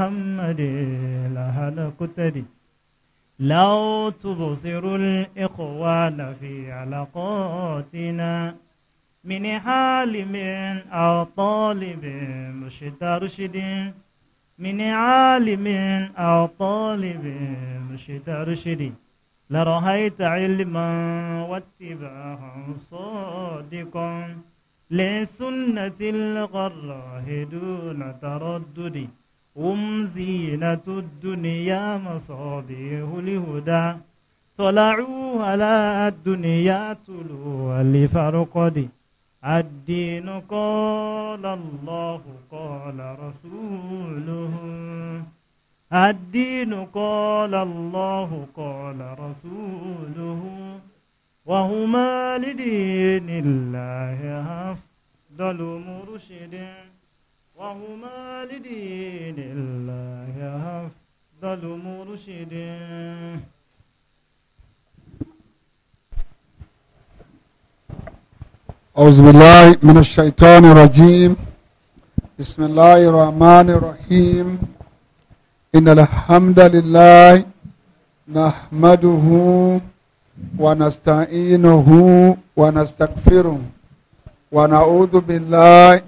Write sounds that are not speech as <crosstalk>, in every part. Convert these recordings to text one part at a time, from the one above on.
محمد لهل لو تبصر الإخوان في علاقاتنا من عالم أو طالب رشد من عالم أو طالب رشد لرأيت علما واتباعا صادقا لسنة الغراه دون تردد هم زينة الدنيا مصابيح لهدى طلعوا على الدنيا تلو لفرقد الدين قال الله قال رسوله الدين قال الله قال رسوله وهما لدين الله أفضل مرشدين وهما لدين الله أفضل مرشد أعوذ بالله من الشيطان الرجيم بسم الله الرحمن الرحيم إن الحمد لله نحمده ونستعينه ونستغفره ونعوذ بالله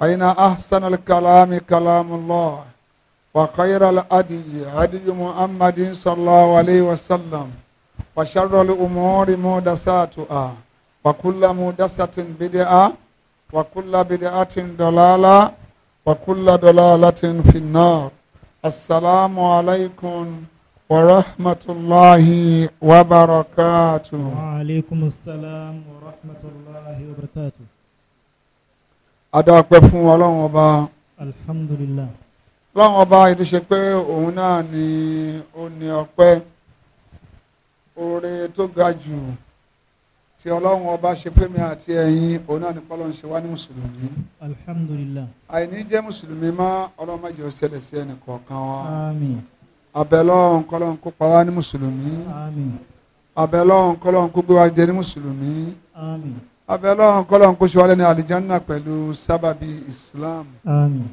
فإن أحسن الكلام كلام الله وخير الأدي هدي محمد صلى الله عليه وسلم وشر الأمور مودساتها وكل مودسة بدعة وكل بدعة ضلالة وكل ضلالة في النار السلام عليكم ورحمة الله وبركاته وعليكم السلام ورحمة الله وبركاته adáwọ̀pẹ́ fún ọlọ́run ọba. alhamdulillah. ọlọ́run ọba ìlú ṣe pé òun náà ni ó ní ọpẹ́ oore tó ga jù tí ọlọ́run ọba ṣe pé mi àti ẹ̀yin òun náà ní pọ́lọ́n ṣe wá ní mùsùlùmí. alhamdulillah. àìní jẹ́ mùsùlùmí má ọlọ́run má jẹ́ ó ṣẹlẹ̀ sí ẹnì wa. àmín. abẹ́lọ́run kọ́lọ́run kó pa wá ní mùsùlùmí. àmín. abẹ́lọ́run kọ́lọ́run kó gbé wa jẹ ní mùsùlùmí. àmín abẹ́lọ́hún kọ́lọ́hún kó ṣe wálé ní àlìjánná pẹ̀lú sábàbí islam. àmín.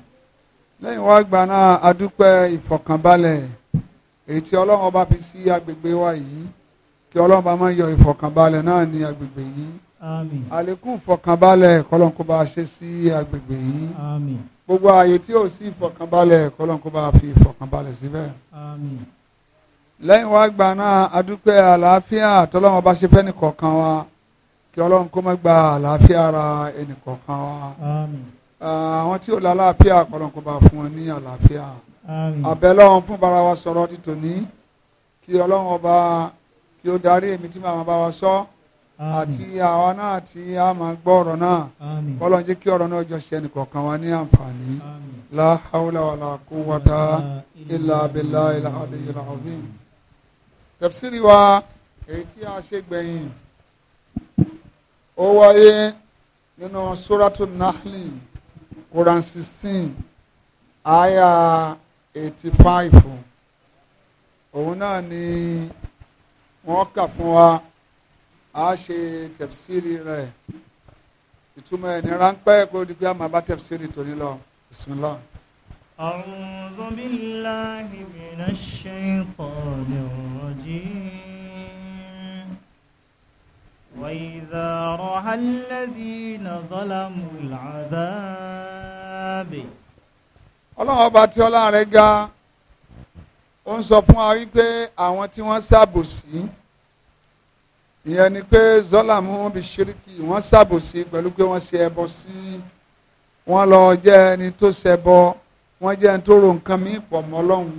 lẹ́yìn wá gbà náà adúpẹ́ ìfọ̀kànbalẹ̀ èyí tí ọlọ́run ọba fi sí agbègbè wa yìí kí ọlọ́run bá máa yọ ìfọ̀kànbalẹ̀ náà ní agbègbè yìí. àmín. àlékún ìfọ̀kànbalẹ̀ kọ́lọ́hún kó bá a ṣe sí agbègbè yìí. àmín. gbogbo ààyè tí ò sí ìfọ̀kànbalẹ̀ kọ́lọ́hún kó bá a fi ìfọ̀kànbalẹ̀ síbẹ̀. àmín. lẹ́yìn wá gbà náà adúpẹ́ àlàáfíà tọ́lọ́run ọba ṣe fẹ́ nìkọ̀ọ̀kan wa kí ọlọ́run kó má gba àlàáfíà ara ẹnìkọ̀ọ̀kan wa àwọn tí ò lálàáfíà ọlọ́run kó bá fún wọn ní àlàáfíà àbẹ̀lọ́run fún bara wa sọ̀rọ̀ títò ní kí ọlọ́run ọba kí ó darí èmi tí màmá bá wa sọ àti àwa náà tí a máa gbọ́ ọ̀rọ̀ náà ọlọ́run jẹ́ kí ọ̀rọ̀ náà jọ ṣe ẹnìkọ̀ọ̀kan wa ní àǹfààní la hawla wala quwwata illa billahi al-aliyyil azim tafsiri wa ó wáyé nínú suratu nahli quran sixteen aya eighty five òun náà ni wọ́n kà fún wa a ṣe tẹ̀síìlì rẹ̀ ìtumọ̀ ẹ̀ ní ráńpẹ́ kó di pé a máa bá tẹ̀síìlì torí lọ bismillah. أعوذ بالله من الشيطان الرجيم وإذا رأى الذين ظلموا العذاب ọlọ́run ọba tí ọlá rẹ̀ ga ó ń sọ fún wa wípé àwọn tí wọ́n ṣàbòsí ìyẹn ni pé zọ́làmù bí ṣíríkì wọ́n ṣàbòsí pẹ̀lú pé wọ́n ṣe ẹbọ sí wọ́n lọ jẹ́ ẹni tó ṣẹbọ wọ́n jẹ́ ẹni tó ro nǹkan mí pọ̀ mọ́ ọlọ́run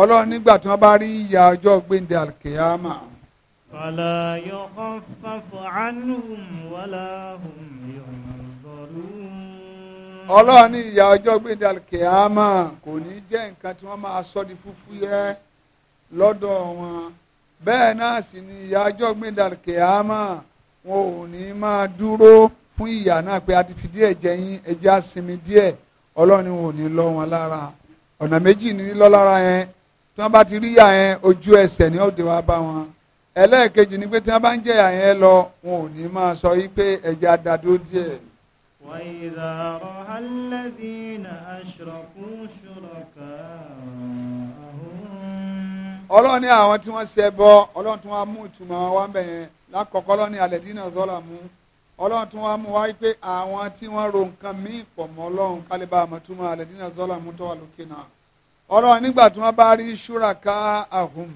ọlọ́run nígbà tí wọ́n bá rí ìyà ọjọ́ gbéǹde àlùkìyàmà فلا يخفف عنهم ولا هم ينظرون ọlọ́run ní ìyà ọjọ́ gbẹ̀dẹ̀ alkiyama kò ní jẹ́ nǹkan tí wọ́n máa sọ di fúfú yẹ lọ́dọ̀ wọn bẹ́ẹ̀ náà sì ni ìyà ọjọ́ gbẹ̀dẹ̀ alkiyama wọn ò ní máa dúró fún ìyà náà pé a ti fi díẹ̀ jẹ yín ẹjẹ́ á sinmi díẹ̀ ọlọ́run wọn ò ní lọ wọn lára ọ̀nà méjì ní lọ yẹn tí wọ́n bá ti rí ìyà yẹn ojú ẹsẹ̀ ni ó dé wá bá wọn ẹlẹ́ẹ̀kejì ni pé tí wọ́n bá ń jẹ̀yà yẹn lọ wọn ò ní máa sọ yí pé ẹja dàdó díẹ̀. ọlọ́run ní àwọn tí wọ́n ṣe bọ́ ọlọ́run tí wọ́n mú ìtumọ̀ wá ń bẹ̀ yẹn lákọ̀ọ́kọ́ lọ́ni alẹ́dínà zọ́là mú ọlọ́run tí wọ́n pé àwọn tí wọ́n ro nǹkan mí pọ̀ mọ́ ọlọ́run kálíbà àmọ́túmọ̀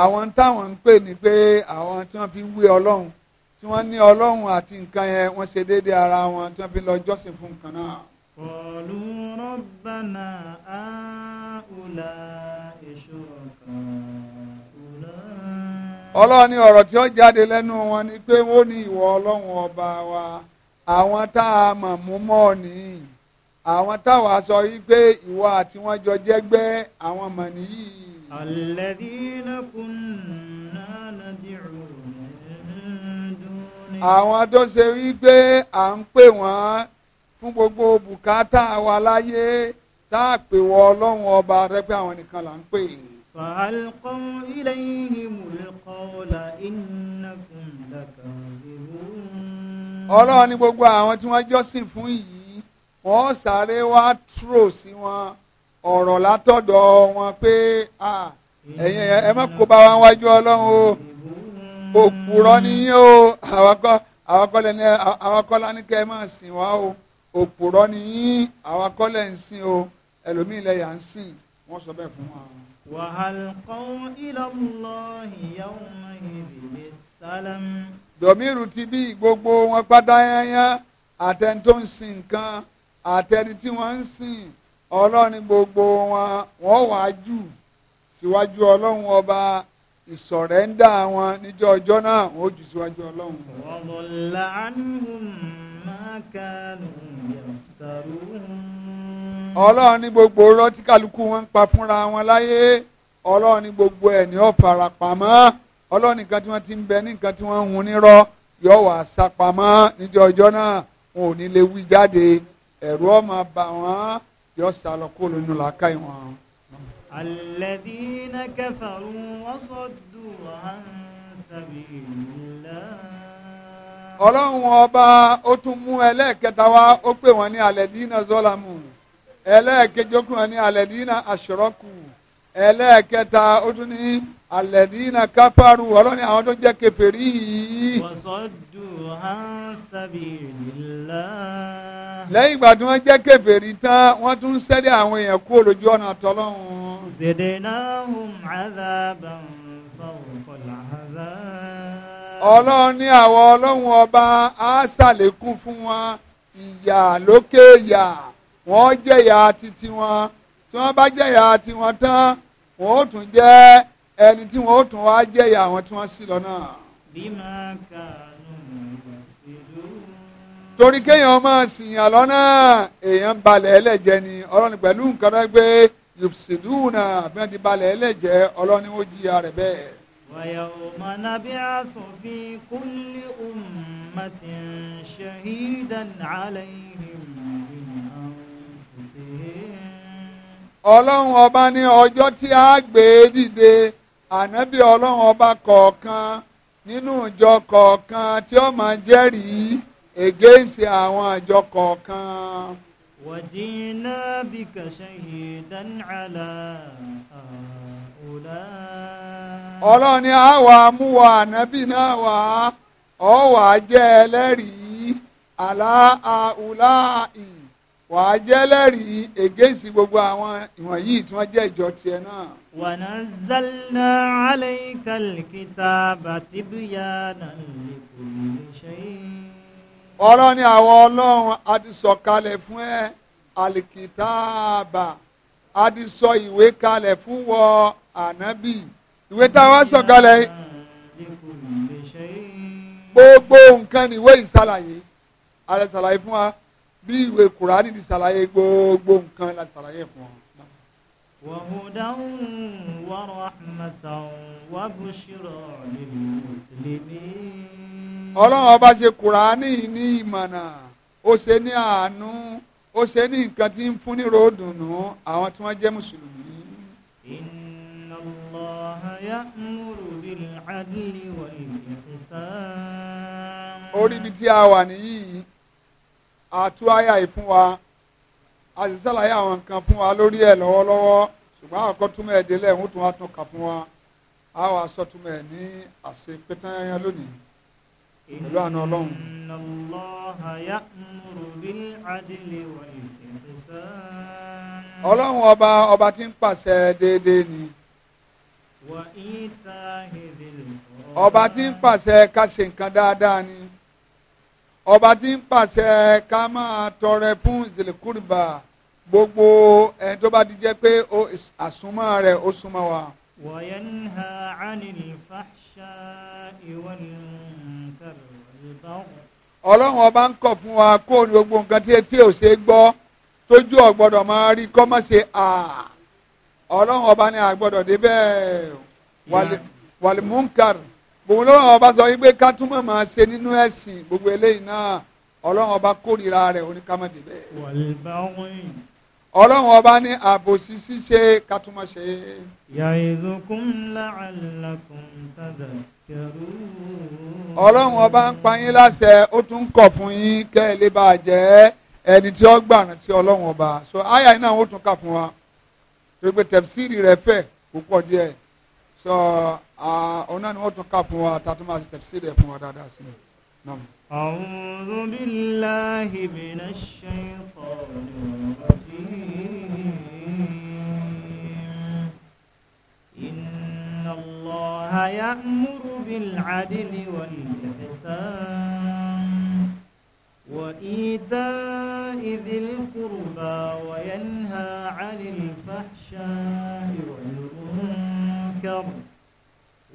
àwọn táwọn ń pè ní pé àwọn tí wọ́n fi ń wé ọlọ́run tí wọ́n ní ọlọ́run àti nǹkan yẹn wọ́n ṣe déédéé ara wọn tí wọ́n fi lọ jọ́sìn fún nǹkan náà. kọlu rọbànà àùlà èso ọkàn òlà. ọlọ́run ní ọ̀rọ̀ tí ó jáde lẹ́nu wọn ni pé wọ́n ní ìwọ ọlọ́run ọba wa àwọn tá a mọ̀ mú mọ́ ọ nìyí àwọn táwa sọ yìí pé ìwọ àti wọn jọ jẹ́gbẹ́ àwọn mọ̀ nìyí الذين كنا ندعو من دونه àwọn tó ṣe wípé à ń pè wọ́n fún gbogbo bùkátà wa láyé tá a pè wọ ọlọ́run ọba rẹ pé àwọn nìkan là ń pè. ọlọ́run ni gbogbo àwọn tí wọ́n jọ́sìn fún yìí wọ́n sáré wá tró sí wọn ọ̀rọ̀ látọ̀dọ̀ wọn pé ẹ̀yin ẹ má kó bá wa wájú ọlọ́run o òpùrọ̀ nìyẹn o àwọn kọ́lá ní kẹ́ ẹ máa sìn wá o òpùrọ̀ nìyẹn àwọn kọ́lá ń sìn o ẹlòmíì lẹ́yà ń sìn wọ́n sọ bẹ́ẹ̀ fún wa. wàhálùkọ́ ìlọ́mùlọ́ ìyàwó ìdílé sálám. dọ̀míìrù ti bí gbogbo wọn pátá yányá àtẹni tó ń sin nǹkan àtẹni tí wọ́n ń sìn ọlọ́run ní gbogbo wọn wọ́n wàá jù síwájú ọlọ́run ọba ìsọ̀rẹ́ńdà wọn níjọ́ ọjọ́ náà wọ́n ó jù síwájú ọlọ́run. ọ̀bọ̀là ànúhùn máa kánú yàtàrú. ọlọ́run ní gbogbo ọ̀rọ̀ tí kálukú wọn ń pa fúnra wọn láyé ọlọ́run ní gbogbo ẹ̀ ní ọ̀fàrà pamọ́ ọlọ́run nìkan tí wọ́n ti ń bẹ ní nǹkan tí wọ́n ń hun nírọ́ yọ wà sápamọ́ níjọ́ ọjọ́ náà wọn ò ní lè wí jáde ẹ̀rù ó máa bà wọ́n yóò sá lọ kó lónìí la ká ìwọ̀n àrùn. alladhina kafaru wa saddu an sabilillah. ọlọ́run ọba ó tún mú ẹlẹ́ẹ̀kẹta wá ó pè wọ́n ní alladhina zọ́làmù ẹlẹ́ẹ̀kẹjọ kún wọn ní alladhina ashraku ẹlẹ́ẹ̀kẹta ó tún ní alẹ́dínà káfárù ọlọ́ni àwọn tó jẹ́ kèfèrí yìí. wọ́sọ̀dù hansabilillah. lẹ́yìn ìgbà tí wọ́n jẹ́ kèfèrí tán wọ́n tún sẹ́dẹ̀ àwọn èèyàn kú olójú ọ̀nà tọ́lọ́hún. zèdènáhùn àdàbàn fọwọ́fọlá àdàbàn. ọlọ́ni àwọn ọlọ́run ọba á ṣàlékún fún wọn ìyà lókè ìyà wọ́n jẹ̀yà titi wọn tí wọ́n bá jẹ̀yà tiwọn tán wọ́n ó tún jẹ́ ẹni tí wọn ó tún wá jẹyà àwọn tí wọn ṣì lọ́nà. bímọ kàánù ìgbàsílò. torí kéèyàn máa ṣìyàn lọ́nà èèyàn balẹ̀ ẹlẹ́jẹ̀ ni ọlọ́ni pẹ̀lú nǹkan rẹ gbé yòpùsìdúnà àbí wọn ti balẹ̀ ẹlẹ́jẹ̀ ọlọ́ni ó jìyà rẹ̀ bẹ́ẹ̀. wàyà ọmọ nàbí àfọ̀bí kúnlé ọmọọmọtì ṣẹ̀hídàn àlẹ́ ọlọ́run ọba ní ọjọ́ tí a gbé dìde ànábì ọlọ́run ọba kọ̀ọ̀kan nínú ìjọ kọ̀ọ̀kan tí ó máa jẹ́rìí ègéǹsì àwọn ìjọ kọ̀ọ̀kan. wàjìnnà bí kàṣẹ́yì dánilá ọ̀la. ọlọ́run ni àwa mú wa ànábì náà wá ọ wà á jẹ́ ẹlẹ́rìí àlá àùláì wà á jẹ́ ẹlẹ́rìí ègéǹsì gbogbo àwọn ìwọ̀nyí tí wọ́n jẹ́ ìjọ tiẹ̀ náà. ونزلنا عليك الكتاب تبيانا لكل شيء ọ̀rọ̀ ni àwọn ọlọ́run a ti sọ kalẹ̀ fún ẹ alikitaaba a ti sọ ìwé kalẹ̀ fún wọ ànábì ìwé tá a wá sọ kalẹ̀ gbogbo nǹkan ni ìwé ìsàlàyé a lè ṣàlàyé fún wa bí ìwé kùránì ti ṣàlàyé gbogbo nǹkan la ṣàlàyé fún wa. وهدى ورحمة وبشرى للمسلمين ọlọ́run ọba ṣe kùránì ní ìmọ̀nà ó ṣe ní àánú ó ṣe ní nǹkan tí ń fún ní ròdùnú àwọn tí wọ́n jẹ́ mùsùlùmí. orí ibi tí a wà nìyí àtúwáyà ìfún wa a sì ṣàlàyé àwọn nǹkan fún wa lórí ẹ̀ lọ́wọ́lọ́wọ́ ṣùgbọ́n àkọ́kọ́ túmọ̀ ẹ̀ délẹ̀ ń tún wá tún kà fún wa a wàá sọ túmọ̀ ẹ̀ ní àṣẹ pétányá lónìí pẹ̀lú àna ọlọ́run. Inna ọlọ́run ọba ọba tí ń pàṣẹ déédéé ni. ọba tí ń pàṣẹ ká ṣe nǹkan dáadáa ni ọba tí ń pàṣẹ ká máa tọrẹ fún zilkurba gbogbo ẹni tó bá ti jẹ́ pé àsúnmọ́ rẹ̀ ó súnmọ́ wa. wọ̀yẹ́nha ánìlì fàṣà ìwọ̀nìkàr ìbáwọ̀. ọlọ́run ọba ń kọ̀ fún wa kó o ní gbogbo nǹkan tí etí ò ṣe é gbọ́ tójú ọ̀gbọ́dọ̀ máa rí kọ́ mọ́ ṣe à ọlọ́run ọba ni àgbọ́dọ̀ débẹ̀ wàlímúnkàr gbogbo lọ́rọ̀ ọba sọ wípé ká máa ṣe nínú ẹ̀sìn gbogbo eléyìí náà ọlọ́run ọba kórìíra rẹ̀ oníkàmọ́ débẹ̀. wàlíbáwọ̀n ọlọ́run ọba ní àbòsí ṣíṣe kátúmọ̀ ṣe. ya'izukum la'allakum tadhakkarun. ọlọ́run ọba ń pa yín láṣẹ ó tún kọ̀ fún yín kẹ́ ẹ lè bá a jẹ́ ẹni tí ó gbàràn tí ọlọ́run ọba so àyà iná ó tún kà fún wa torí tẹ̀síìrì rẹ̀ fẹ̀ púpọ̀ díẹ̀ so ọ̀nà ni wọ́n tún kà fún wa tàtúmọ̀ àti tẹ̀síìrì rẹ̀ fún wa dáadáa sí i. أعوذ بالله من الشيطان الرجيم إن الله يأمر بالعدل والإحسان وإيتاء ذي القربى وينهى عن الفحشاء والمنكر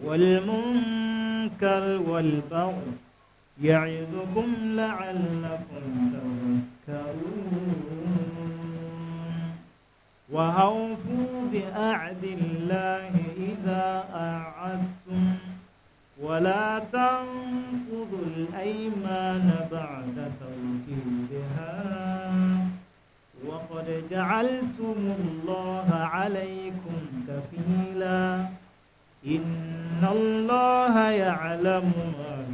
والمنكر والبغي يعظكم لعلكم تذكرون وأوفوا بعهد الله إذا أعدتم ولا تنقضوا الأيمان بعد توكيدها وقد جعلتم الله عليكم كفيلا إن الله يعلم ما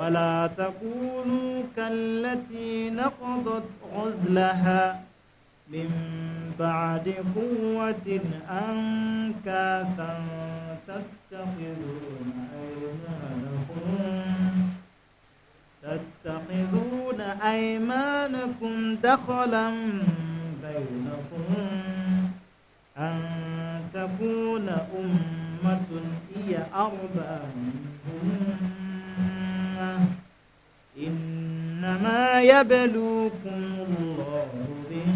ولا تكونوا كالتي نقضت غزلها من بعد قوة أنكاثا تتخذون أيمانكم تتخذون أيمانكم دخلا بينكم أن تكون أمة هي أربى منكم إنما يبلوكم الله به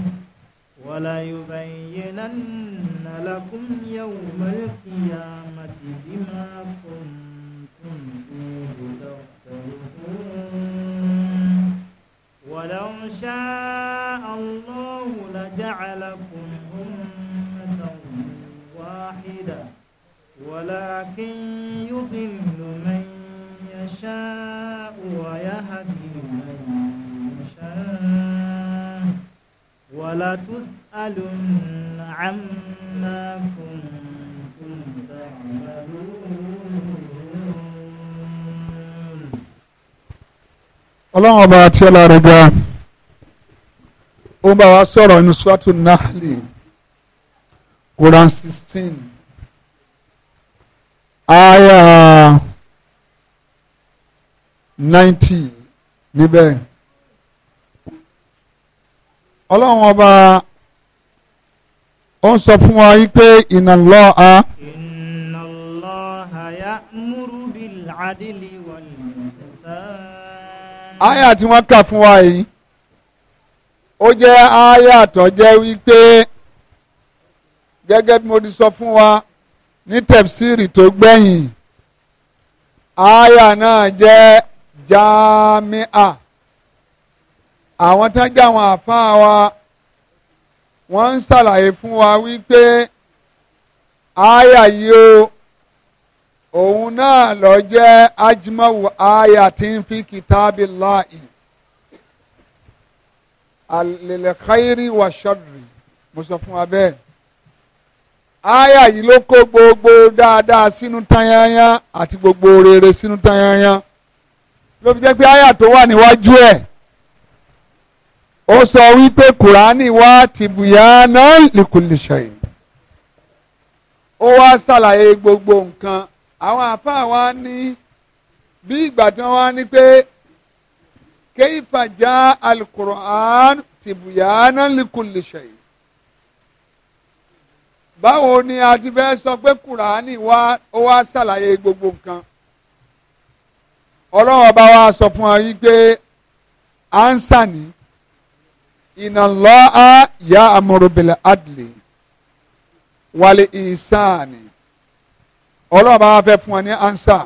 وليبينن لكم يوم القيامة بما كنتم فيه تختلفون ولو شاء الله لجعلكم أمة واحدة ولكن يضل من يشاء ويهدي من يشاء ولتسألن عما كنتم تعملون ọlọ́run ọba àti ọlọ́rẹ̀gá ó ń bá wa sọ̀rọ̀ inú suwátù nahli Quran sixteen ayah ninety níbẹ̀ ọlọ́run ọba ó ń sọ fún wa wípé inna Allaha. inna Allaha ya'muru bil adli wal ihsan. àyà tí wọ́n kà fún wa yìí ó jẹ́ àyà tó jẹ́ wípé gẹ́gẹ́ bí mo ti sọ fún wa ní tẹ̀síìrì tó gbẹ̀yìn àyà náà jẹ́ Jamia, àwọn tán jẹ́ àwọn àfáà wa wọ́n ń ṣàlàyé fún wa wípé àyà yìí o òun náà lọ jẹ́ ajimawu àyà tí ń fi kìtàbí láàyè àlèlèkàírí wà ṣọ́dùrì mo fún wa bẹ́ẹ̀ àyà yìí ló kó gbogbo dáadáa sínú tanyanya àti gbogbo rere sínú tanyanya ló fi jẹ́ pé àyà tó wà níwájú ẹ̀ ó sọ wípé kùránì wá tìbùyánà likulli shay ó wá ṣàlàyé gbogbo nǹkan àwọn àfáà wa ní bí ìgbà tí wọ́n wá ní pé kayfa jaa alukur'an tìbùyánà likulli shay báwo ni a ti fẹ́ sọ pé kùránì wá ó wá ṣàlàyé gbogbo nǹkan ọlọ́run ọba wa sọ fún ọ pé ansa ni iná lọ́ á yá amúrúbìlẹ̀ adìlẹ̀ wálé ìsáàni ọlọ́run ọba wa fẹ́ fún wa ní ansa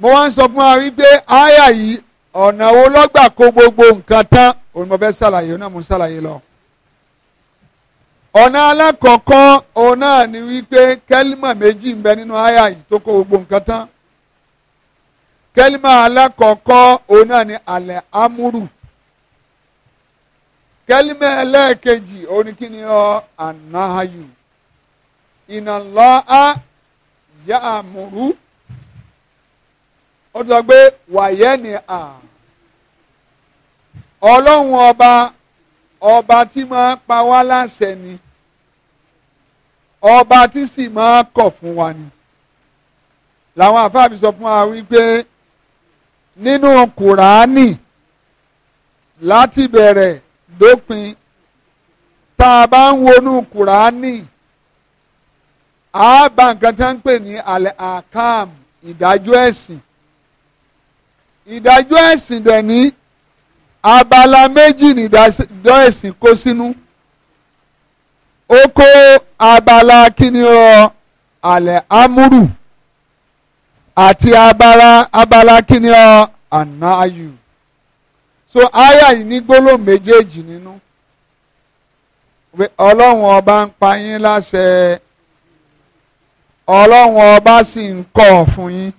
mo wá fún ọ wípé àyà yìí ọ̀nà wo lọ́gbà kó gbogbo nǹkan tán òun mo fẹ́ ṣàlàyé òun náà mo ṣàlàyé lọ. ọ̀nà alákọ̀ọ́kọ́ òun náà ni wípé bẹ nínú gbogbo nǹkan kẹ́límà alakọkọ òun náà ni alẹ́ amúrù kẹ́límà ẹlẹ́ẹ̀kejì òun ni kí ni ọ ànáhayù ìnàlọ́ á yá àmúrú ó sọ pé wàyẹ́ ni à ọlọ́run ọba ọba tí ma pa wá láṣẹ ni ọba tí sì ma kọ̀ fún wa ni làwọn àfáàbí sọ fún wa wípé. nínú kùránì láti bẹ̀rẹ̀ dópin tá a bá ń wọnú kùránì a bá nǹkan tí wọ́n ń pè ní alẹ́ akam ìdájọ́ ẹ̀sìn ìdájọ́ ẹ̀sìn dẹ̀ ní abala méjì ní ìdájọ́ ẹ̀sìn kó sínú ó kó abala kíni ọ alẹ́ amúrù. àti abala abala kíni ọ ànáyù so aya yìí ní gbólóhùn méjèèjì nínú ọlọ́run ọba ń pa yín láṣẹ ọlọ́run ọba sì ń kọ̀ fún yín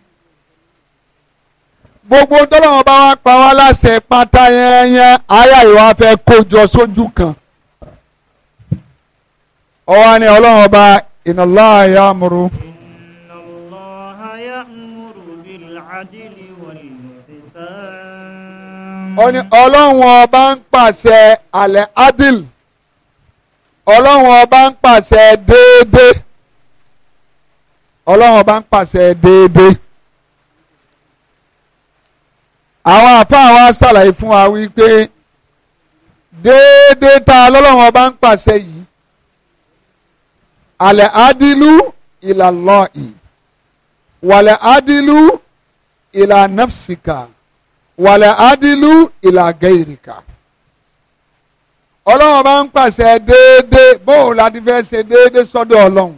gbogbo tọ́lọ́run ọba wa pa wá láṣẹ pátá yẹn yẹn aya yìí wá fẹ́ kó jọ sójú kan ọwọ́ ni ọlọ́run ọba ìnáláàyà múru. Mm ó ní ọlọ́run ọba ń pàṣẹ alẹ́ adil ọlọ́run ọba ń pàṣẹ déédéé ọlọ́run ọba ń pàṣẹ déédéé àwọn àfáà wa ṣàlàyé fún wa wípé déédéé ta lọ́lọ́run ọba ń pàṣẹ yìí alẹ́ adilu ìlàlọ́ọ̀ì wàlẹ̀ adilu ìlànàfsìkà wàlẹ̀ adilu ìlàgẹ ìrìkà ọlọ́run bá ń pàṣẹ déédéé bóun la ti fẹ́ ṣe déédéé sọ́dọ̀ ọlọ́run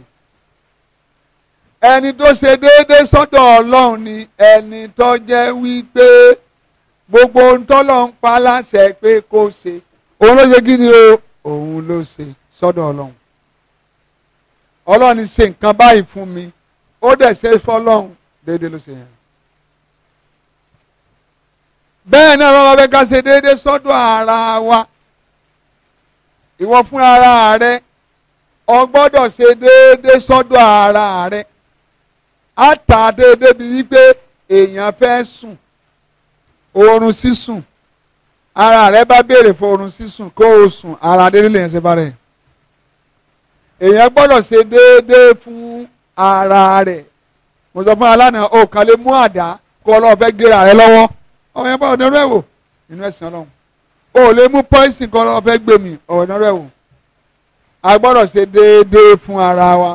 ẹni tó ṣe déédéé sọ́dọ̀ ọlọ́run ni ẹni tó jẹ́ wípé gbogbo ohun tọ́lọ́run pa láṣẹ pé kó ṣe òun ló ṣe kí ni o òun ló ṣe sọ́dọ̀ ọlọ́run ọlọ́run ṣe nǹkan báyìí fún mi ó dẹ̀ ṣe fọ́lọ́run déédéé ló ṣe yẹn bẹ́ẹ̀ náà bàbá bẹ́ẹ̀ ká ṣe déédéé sọ́dọ̀ ara wa ìwọ fún ara rẹ o gbọ́dọ̀ ṣe déédéé sọ́dọ̀ ara rẹ á tà déédéé bíi wípé èèyàn fẹ́ sùn oorun sísùn ara rẹ bá béèrè fún oorun sísùn kó o sùn ara déédéé lèyàn ṣe bá rẹ èèyàn gbọ́dọ̀ ṣe déédéé fún ara rẹ mo sọ fún alánà o kàn lè mú àdá kó ọlọ́run fẹ́ rẹ lọ́wọ́ ọmọ yẹn bá ọ̀nà rẹ̀ wò nínú ẹ̀sìn ọlọ́run o ò lè mú pọ́ìsì kan lọ́wọ́ fẹ́ gbèmí ọ̀nà rẹ̀ wò a gbọ́dọ̀ ṣe déédéé fún ara wa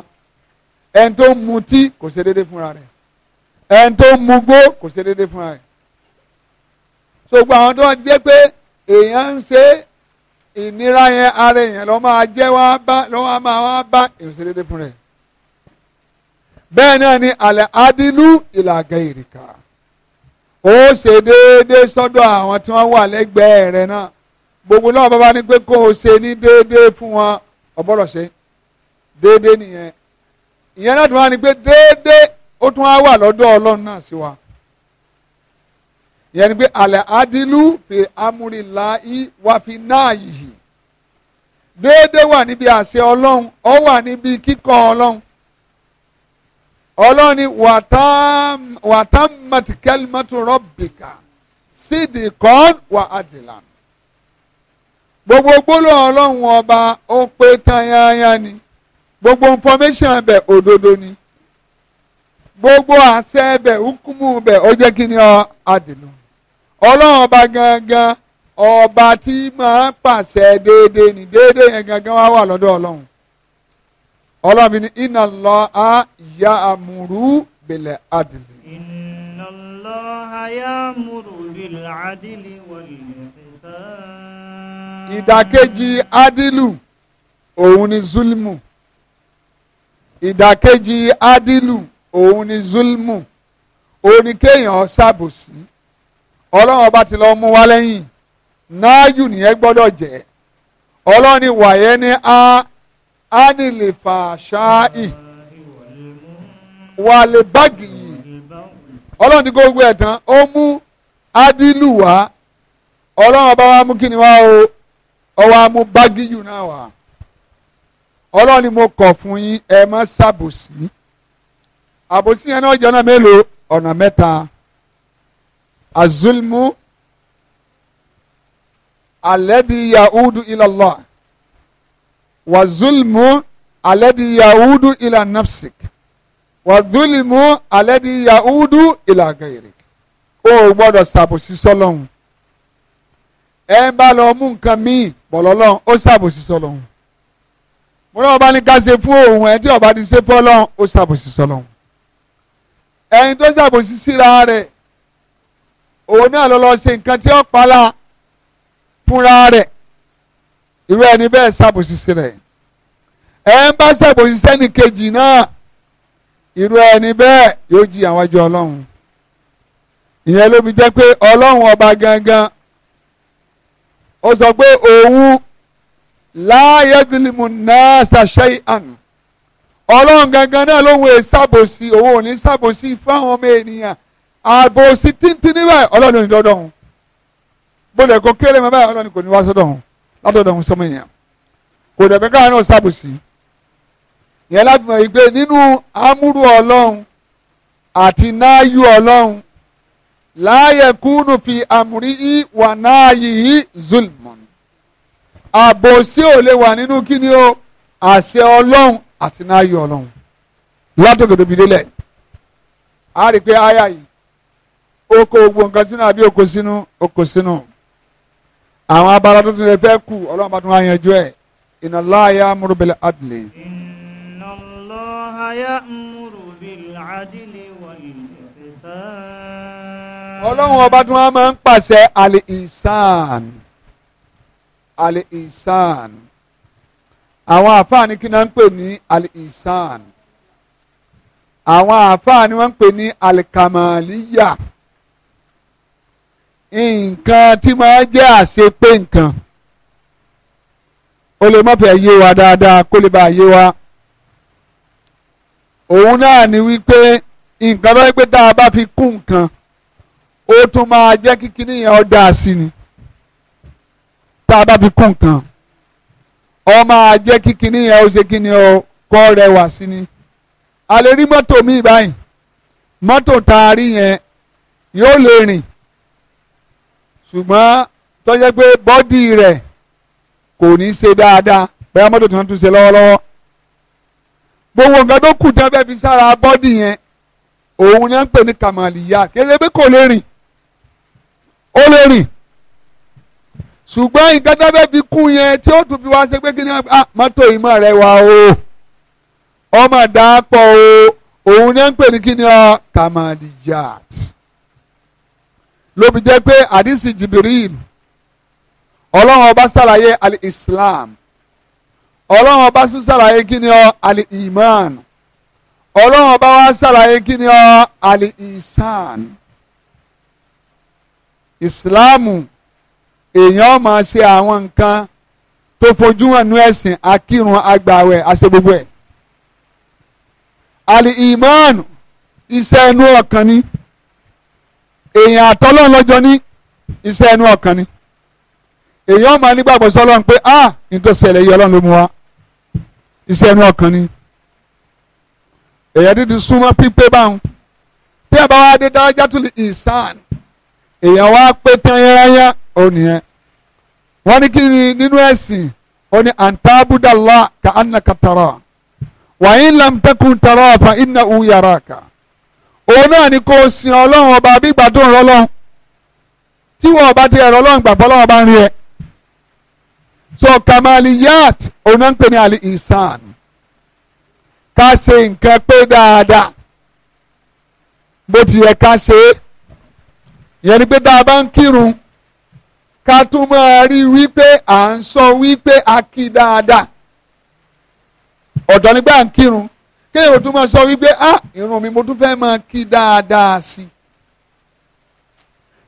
ẹni tó mutí kò ṣe déédéé fúnra rẹ̀ ẹni tó mugbó kò ṣe déédéé fúnra rẹ̀ so gbogbo àwọn tó wọ́n ti jẹ́ pé èèyàn ń ṣe ìnira yẹn ara èèyàn lọ́ máa jẹ́ wá bá lọ́wọ́ máa wá bá èèyàn ṣe déédéé fúnra rẹ̀ bẹ́ẹ̀ náà ni àlẹ́ adínú ìlàgẹ̀ ìrìkà ó ṣe déédéé sọ́dọ̀ àwọn tí wọ́n wà lẹ́gbẹ̀ẹ́ rẹ̀ náà gbogbo náà bàbá ní pé kó o ṣe ní déédéé fún wọn ọ̀bọ̀rọ̀ ṣe déédéé nìyẹn ìyẹn náà tún wá ní pé déédéé ó tún wá wà lọ́dọ̀ ọlọ́run ni pé àlẹ́ adilu fi i wá fi náà yìí déédéé wà níbi àṣẹ ọlọ́run ó wà níbi kíkọ́ ọlọ́run ọlọ́run ni wàtá matikẹ́límọ́tò rọ́bìkà sídìí kan wà àdìlà gbogbo gbólóhùn ọlọ́run ọba ó pé tán ni gbogbo information bẹ̀ òdodo ni gbogbo àṣẹ bẹ̀ hukumu bẹ̀ ó jẹ́ kí ni ọ àdìlù ọlọ́run ọba gangan ọba tí máa pàṣẹ déédéé ni déédéé yẹn gangan wá wà lọ́dọ̀ ọlọ́run ọlọ́run mi ní iná lọ á yá àmúrú bẹ̀lẹ̀ àdìlẹ̀. iná lọ á yá àmúrú bẹ̀lẹ̀ àdìlẹ̀ wọ̀lẹ̀ fẹsán. ìdàkejì adilu òun ni zulmu ìdàkejì adilu òun ni zulmu òun ni kéèyàn ṣàbòsí ọlọ́run ọba ti lọ́ọ́ mú wá lẹ́yìn náàyù nìyẹn gbọ́dọ̀ jẹ́ ọlọ́run ni wàyẹ́ ni á anil fàṣáì wàlẹ̀ báàgì yìí ọlọ́run ti gbogbo ẹ̀ tán ó mú adilu wá ọlọ́run ọba wa mú kí ni wá o ọwọ́ amú báàgì náà wá ọlọ́run ni mo kọ̀ fún yín ẹ má ṣàbòsí àbòsí yẹn náà jẹ́ ọ̀nà mélòó ọ̀nà mẹ́ta azulmu alẹ́dìyà udu ilallah. والظلم الذي يعود إلى نفسك والظلم الذي يعود إلى غيرك أو gairik o gbọ́dọ̀ ṣàbòsí sọ́lọ́hun ẹ bá lọ mú nǹkan míì bọ̀lọ́lọ́hun ó ṣàbòsí sọ́lọ́hun mo náà bá ní ká ṣe fún òun ẹ tí ọba ti ṣe fọ́lọ́hun ó ṣàbòsí sọ́lọ́hun ẹni tó ṣàbòsí síra rẹ̀ òun náà lọ lọ ṣe nǹkan tí ó pa la fúnra rẹ̀ irú ẹni bẹ́ẹ̀ ṣàbòsíṣe rẹ̀ ẹ ń bá ṣàbòsíṣe ní kejì náà irú ẹni bẹ́ẹ̀ yóò jí àwọn ẹjọ́ ọlọ́run ìyẹn ló fi jẹ́ pé ọlọ́run ọba gangan ó sọ pé òun láyédìlímù náà ṣàṣẹ àná ọlọ́run gangan náà ló wọ ṣàbòsí òun ò ní ṣàbòsí fáwọn ọmọ ènìyàn àbòsí títí níbẹ̀ ọlọ́run ò ní dọ́dọ̀ hùn bó lè kó kéré mọ́ báyìí ọlọ́run kò ní wá sọ́dọ̀ hùn látọ̀dọ̀ ohun sọmọ èèyàn kò dẹ̀ bẹ́ẹ̀ káwọn náà ṣàbòsí yẹn láti mọ̀ pé nínú amúrú ọlọ́run àti náàyù ọlọ́run láàyè kúnnù fi àmúrí í wà náàyè í zulmọ̀n àbòsí ò lè wà nínú kíni o àṣẹ ọlọ́run àti náàyù ọlọ́run látọ̀gọ̀dọ̀ bi délẹ̀ a rí i pé aya yìí ó kó sínú àbí ó sínú ó sínú àwọn abala tó ti lè fẹ́ kù ọlọ́run bá tún wá yanjú ẹ̀ inna Allah ya'muru bil adli. inna Allah ya'muru bil adli wal ihsan. ọlọ́run ọba tí wọ́n máa ń pàṣẹ àlè ìsàn àlè ìsàn àwọn àfáàní kí náà ń pè ní àlè ìsàn àwọn àfáàní wọ́n ń pè ní àlè kàmáàlíyà. Al nǹkan tí máa jẹ́ àṣepé nǹkan ó lè má fẹ́ yé wa dáadáa kó lè bá yé wa òun náà ni wípé nǹkan tó ń pé tá a bá fi kún nǹkan ó tún máa jẹ́ kíkíní yẹn ó dáa sí ni tá a bá fi kún nǹkan ó máa jẹ́ kíkíní yẹn ó ṣe kíni ó kọ́ rẹwà sí ni a lè rí mọ́tò míì báyìí mọ́tò tá a rí yẹn yóò lè rìn ṣùgbọ́n tó jẹ́ pé bọ́dì rẹ̀ kò ní ṣe dáadáa bẹ́ẹ̀ mọ́tò tí wọ́n tún ṣe lọ́wọ́lọ́wọ́ gbogbo nǹkan tó kù tí wọ́n fẹ́ fi sára bọ́dì yẹn òun ni wọ́n ń pè ní kàmàlìyà kéde pé kò lè rìn ó lè rìn ṣùgbọ́n nǹkan tó fẹ́ fi kún yẹn tí ó tún fi wá ṣe pé kí ni wọ́n ah mọ́tò ìmọ̀ rẹ̀ wá o ọmọ dàápọ̀ o òun ni wọ́n ń pè ní kí ni ọ kàmàlìyà ló fi jẹ́ pé àdìsí Jibril ọlọ́run ọba ṣàlàyé al-Islam ọlọ́run ọba tún ṣàlàyé kí ni ọ al-Iman ọlọ́run ọba wa ṣàlàyé kí ni ọ al-Isan Ìsìláàmù èèyàn máa ṣe àwọn nǹkan tó fojú hàn ní ẹ̀sìn akírun agbàwẹ̀ àṣẹ ẹ̀ al-Iman iṣẹ́ inú ọkàn ni èèyàn àtọ́lọ́run lọ́jọ́ ní iṣẹ́ ẹnu ọkàn ni èèyàn máa nígbàgbọ́ sọ́lọ́run pé ah nítòsí ẹ̀lẹ́ yìí ọlọ́run ló mú wa iṣẹ́ ẹnu ọkàn ni èèyàn ti ti súnmọ́ pípé báwọn tí a bá wá dé dáwájá tó ìsàn èèyàn wá pé tán yányá ó wọ́n ní kí ni nínú ẹ̀sìn ó ní àǹtàbùdàlá ka annaka tara wa in lam takun tara fa innahu yaraka òun náà ni kó o sin ọlọ́run ọba bí ìgbà tó ń ọlọ́run tí wọn ọba ti ẹ̀rọ ọlọ́run gbàgbọ́ ọlọ́run ọba ń rí ẹ. so kamaliyat yat òun náà ń pè ní ali isan ká ṣe nǹkan pé dáadáa bó ti yẹ ká ṣe é ìyẹn ni pé tá a bá ń kírun ká tún máa rí wípé à ń sọ wípé a kí dáadáa ọ̀dọ́ nígbà ń kírun kéèyàn tún máa sọ wípé ah irun mi mo tún fẹ́ máa kí dáadáa sí i